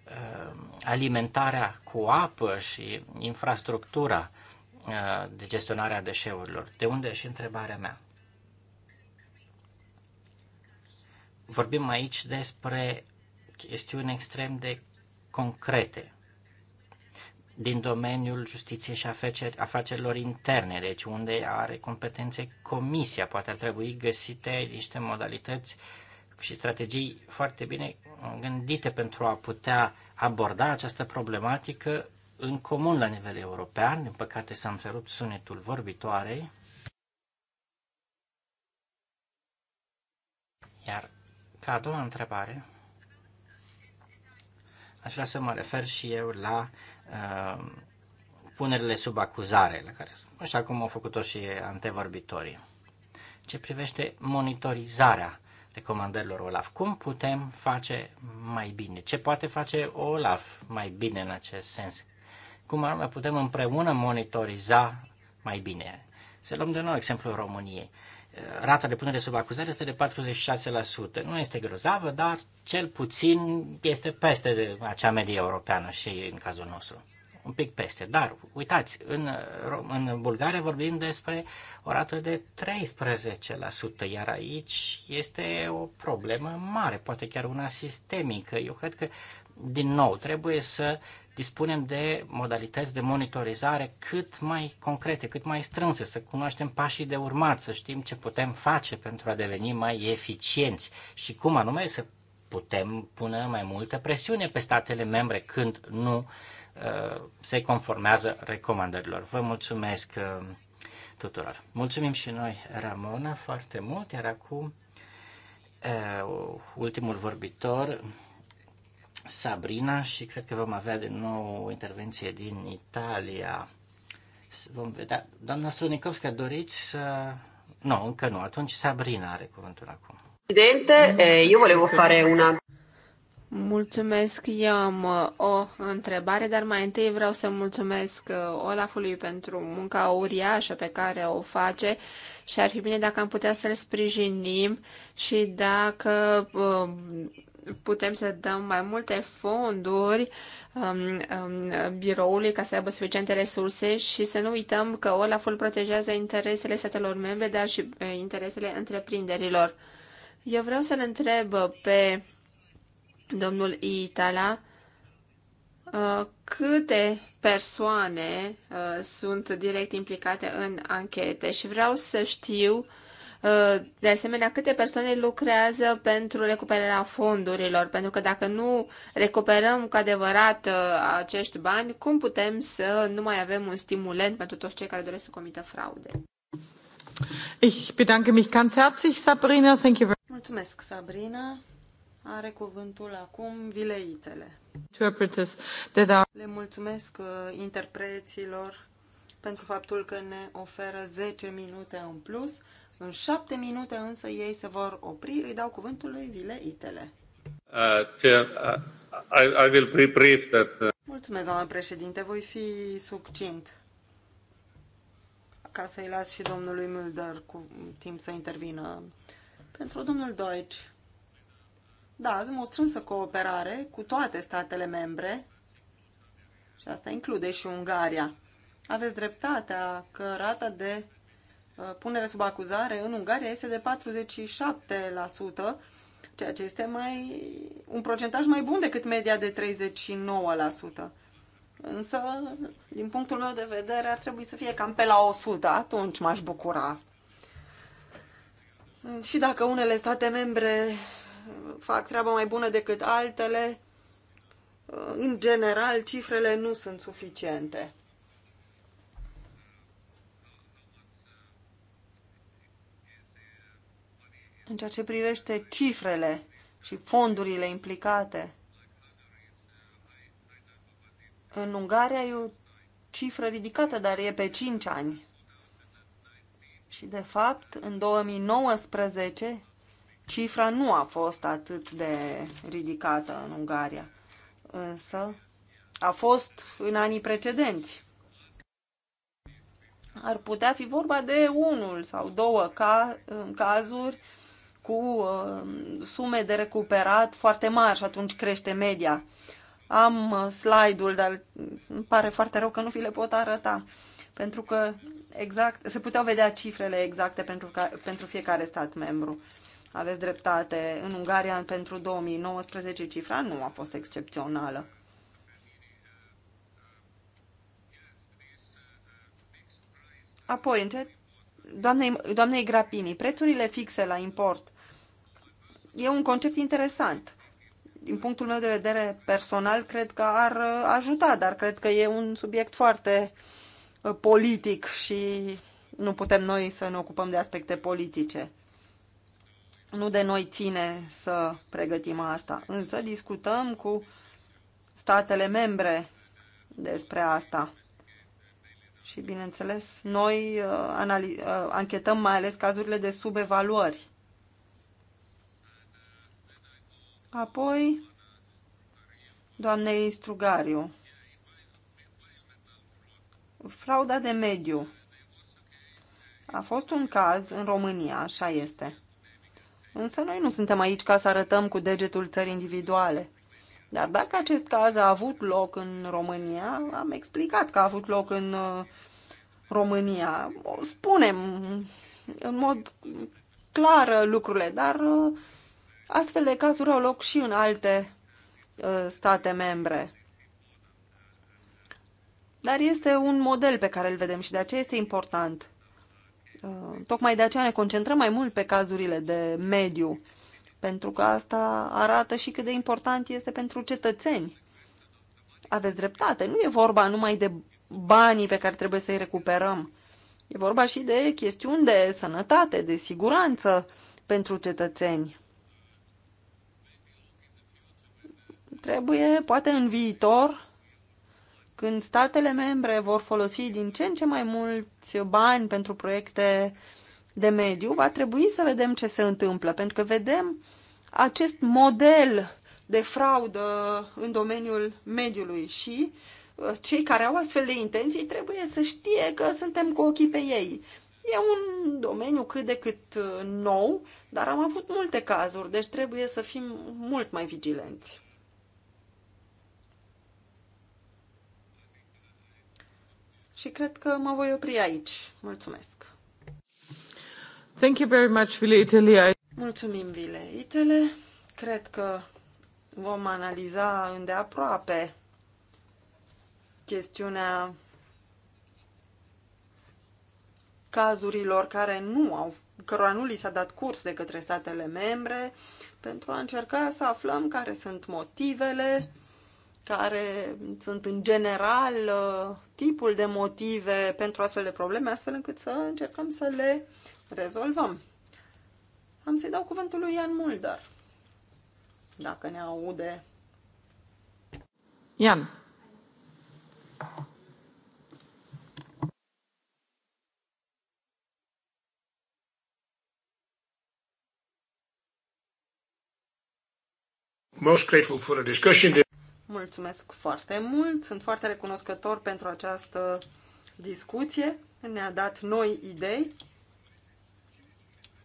[SPEAKER 3] uh, alimentarea cu apă și infrastructura uh, de a deșeurilor. De unde și întrebarea mea. vorbim aici despre chestiuni extrem de concrete din domeniul justiției și afacerilor interne, deci unde are competențe comisia. Poate ar trebui găsite niște modalități și strategii foarte bine gândite pentru a putea aborda această problematică în comun la nivel european. Din păcate s-a înferut sunetul vorbitoarei. Iar ca a doua întrebare, aș vrea să mă refer și eu la uh, punerile sub acuzare, la care, așa cum au făcut-o și antevorbitorii. Ce privește monitorizarea recomandărilor OLAF, cum putem face mai bine? Ce poate face OLAF mai bine în acest sens? Cum mai putem împreună monitoriza mai bine? Să luăm de nou exemplul României rata de punere sub acuzare este de 46%. Nu este grozavă, dar cel puțin este peste de acea medie europeană și în cazul nostru. Un pic peste. Dar, uitați, în, în Bulgaria vorbim despre o rată de 13%, iar aici este o problemă mare, poate chiar una sistemică. Eu cred că, din nou, trebuie să uh, dispunem de modalități de monitorizare cât mai concrete, cât mai strânse, să cunoaștem pașii de urmat, să știm ce putem face pentru a deveni mai eficienți și cum anume să putem pune mai multă presiune pe statele membre când nu uh, se conformează recomandărilor. Vă mulțumesc uh, tuturor. Mulțumim și noi, Ramona, foarte mult, iar acum uh, ultimul vorbitor, Sabrina și cred că vom avea din nou o intervenție din Italia. Vom vedea. Doamna Strunikovska, doriți să... Nu, încă nu. Atunci Sabrina are cuvântul acum.
[SPEAKER 2] Presidente, eu volevo fare una... Mulțumesc, eu am uh, o întrebare, dar mai întâi vreau să mulțumesc uh, Olafului pentru munca uriașă pe care o face și ar fi bine dacă am putea să-l sprijinim și dacă uh, putem să dăm mai multe fonduri um, um, biroului ca să aibă suficiente resurse și să nu uităm că Olaful protejează interesele statelor membre, dar și eh, interesele întreprinderilor. Eu vreau să-l întreb pe domnul Itala uh, câte persoane uh, sunt direct implicate în anchete și vreau să știu uh, Uh, de asemenea, câte persoane lucrează pentru recuperarea fondurilor? Pentru că dacă nu recuperăm cu adevărat uh, acești bani, cum putem să nu mai avem un stimulent pentru toți cei care doresc să comită fraude?
[SPEAKER 1] Ich bedanke mich ganz herzlich, Sabrina. Thank you very
[SPEAKER 4] Mulțumesc, Sabrina. Are cuvântul acum vileitele.
[SPEAKER 1] Interpreters that are...
[SPEAKER 4] Le mulțumesc uh, interpreților pentru faptul că ne oferă 10 minute în plus în șapte minute însă ei se vor opri. Îi dau cuvântul lui Vile Itele. Uh, uh I, I will be brief that... Uh, Mulțumesc, doamnă președinte. Voi fi succint ca să-i las și domnului Mulder cu timp să intervină. Pentru domnul Deutsch, da, avem o strânsă cooperare cu toate statele membre și asta include și Ungaria. Aveți dreptatea că rata de Uh, punere sub acuzare în Ungaria este de 47%, ceea ce este mai, un procentaj mai bun decât media de 39%. Însă, din punctul meu de vedere, ar trebui să fie cam pe la 100, atunci m-aș bucura. Și dacă unele state membre fac treaba mai bună decât altele, uh, în general, cifrele nu sunt suficiente. În ceea ce privește cifrele și fondurile implicate, în Ungaria e o cifră ridicată, dar e pe 5 ani. Și, de fapt, în 2019, cifra nu a fost atât de ridicată în Ungaria, însă a fost în anii precedenți. Ar putea fi vorba de unul sau două ca, cazuri cu uh, sume de recuperat foarte mari și atunci crește media. Am uh, slide-ul, dar îmi pare foarte rău că nu vi le pot arăta, pentru că exact, se puteau vedea cifrele exacte pentru, ca, pentru fiecare stat membru. Aveți dreptate, în Ungaria pentru 2019 cifra nu a fost excepțională. Apoi, doamnei, doamnei Grapini, prețurile fixe la import e un concept interesant. Din punctul meu de vedere personal, cred că ar uh, ajuta, dar cred că e un subiect foarte uh, politic și nu putem noi să ne ocupăm de aspecte politice. Nu de noi ține să pregătim asta, însă discutăm cu statele membre despre asta. Și, bineînțeles, noi uh, anchetăm mai ales cazurile de subevaluări. Apoi, doamnei Strugariu. Frauda de mediu. A fost un caz în România, așa este. Însă noi nu suntem aici ca să arătăm cu degetul țări individuale. Dar dacă acest caz a avut loc în România, am explicat că a avut loc în uh, România. O spunem în mod clar lucrurile, dar uh, Astfel de cazuri au loc și în alte ă, state membre. Dar este un model pe care îl vedem și de aceea este important. Ă, tocmai de aceea ne concentrăm mai mult pe cazurile de mediu, pentru că asta arată și cât de important este pentru cetățeni. Aveți dreptate, nu e vorba numai de banii pe care trebuie să-i recuperăm. E vorba și de chestiuni de sănătate, de siguranță pentru cetățeni. Trebuie, poate în viitor, când statele membre vor folosi din ce în ce mai mulți bani pentru proiecte de mediu, va trebui să vedem ce se întâmplă, pentru că vedem acest model de fraudă în domeniul mediului și uh, cei care au astfel de intenții trebuie să știe că suntem cu ochii pe ei. E un domeniu cât de cât uh, nou, dar am avut multe cazuri, deci trebuie să fim mult mai vigilenți. Și cred că mă voi opri aici.
[SPEAKER 1] Mulțumesc! Thank you very much, Vile Italia.
[SPEAKER 4] Mulțumim, Vile Itele. Cred că vom analiza îndeaproape chestiunea cazurilor care nu au, cărora nu li s-a dat curs de către statele membre, pentru a încerca să aflăm care sunt motivele care sunt în general uh, tipul de motive pentru astfel de probleme, astfel încât să încercăm să le rezolvăm. Am să-i dau cuvântul lui Ian Mulder, dacă ne aude.
[SPEAKER 1] Ian. Most grateful for the discussion.
[SPEAKER 4] Mulțumesc foarte mult, sunt foarte recunoscător pentru această discuție. Ne-a dat noi idei,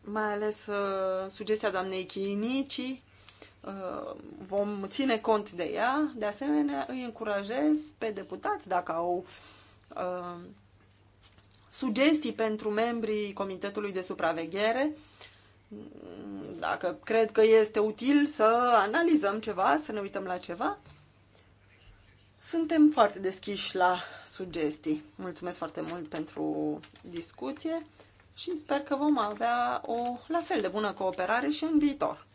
[SPEAKER 4] mai ales uh, sugestia doamnei Chinici. Uh, vom ține cont de ea. De asemenea, îi încurajez pe deputați, dacă au uh, sugestii pentru membrii Comitetului de Supraveghere, dacă cred că este util să analizăm ceva, să ne uităm la ceva, suntem foarte deschiși la sugestii. Mulțumesc foarte mult pentru discuție și sper că vom avea o la fel de bună cooperare și în viitor.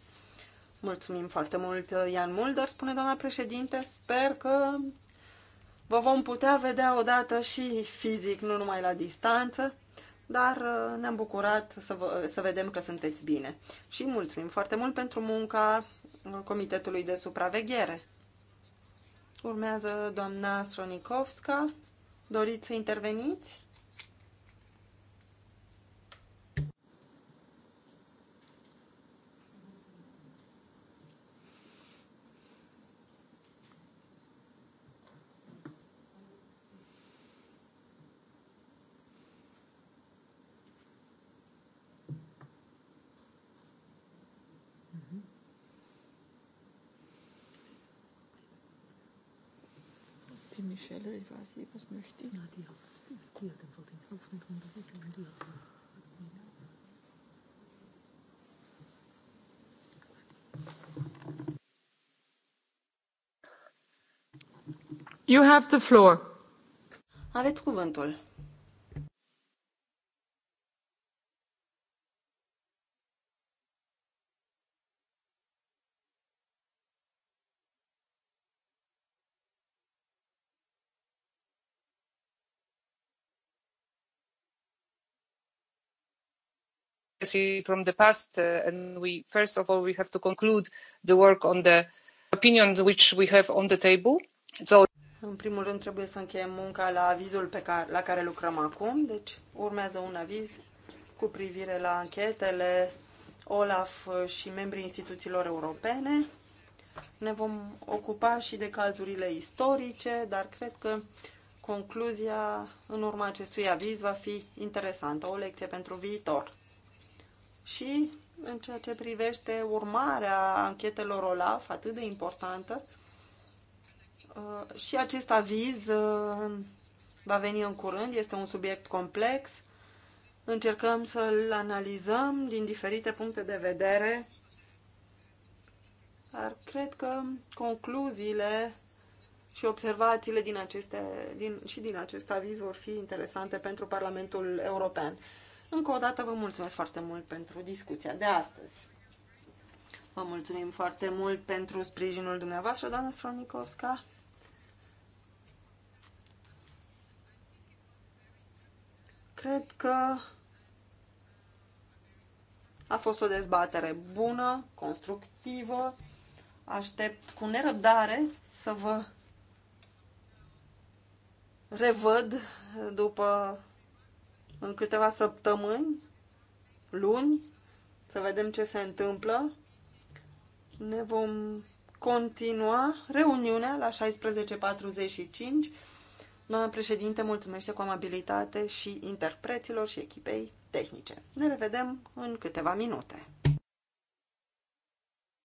[SPEAKER 4] Mulțumim foarte mult, Ian Mulder, spune doamna președinte. Sper că vă vom putea vedea odată și fizic, nu numai la distanță, dar uh, ne-am bucurat să, vă, să vedem că sunteți bine. Și mulțumim foarte mult pentru munca uh, Comitetului de Supraveghere. Urmează doamna Sronikovska. Doriți să interveniți?
[SPEAKER 1] Schelle, ich weiß nicht, was möchte. Na, die hat, die hat einfach den Kopf nicht Die hat
[SPEAKER 4] You have the floor. Aveți cuvântul.
[SPEAKER 1] legacy from the past. Uh, and we, first of all, we have to conclude the work on the opinion which we have on the table. So
[SPEAKER 4] în primul rând trebuie să încheiem munca la avizul pe care, la care lucrăm acum, deci urmează un aviz cu privire la anchetele OLAF și membrii instituțiilor europene. Ne vom ocupa și de cazurile istorice, dar cred că concluzia în urma acestui aviz va fi interesantă, o lecție pentru viitor și în ceea ce privește urmarea anchetelor OLAF, atât de importantă, uh, și acest aviz uh, va veni în curând, este un subiect complex, încercăm să-l analizăm din diferite puncte de vedere, dar cred că concluziile și observațiile din aceste, din, și din acest aviz vor fi interesante pentru Parlamentul European. Încă o dată vă mulțumesc foarte mult pentru discuția de astăzi. Vă mulțumim foarte mult pentru sprijinul dumneavoastră, doamna Sronikovska. Cred că a fost o dezbatere bună, constructivă. Aștept cu nerăbdare să vă revăd după în câteva săptămâni, luni, să vedem ce se întâmplă. Ne vom continua reuniunea la 16.45. Doamna președinte, mulțumește cu amabilitate și interpreților și echipei tehnice. Ne revedem în câteva minute.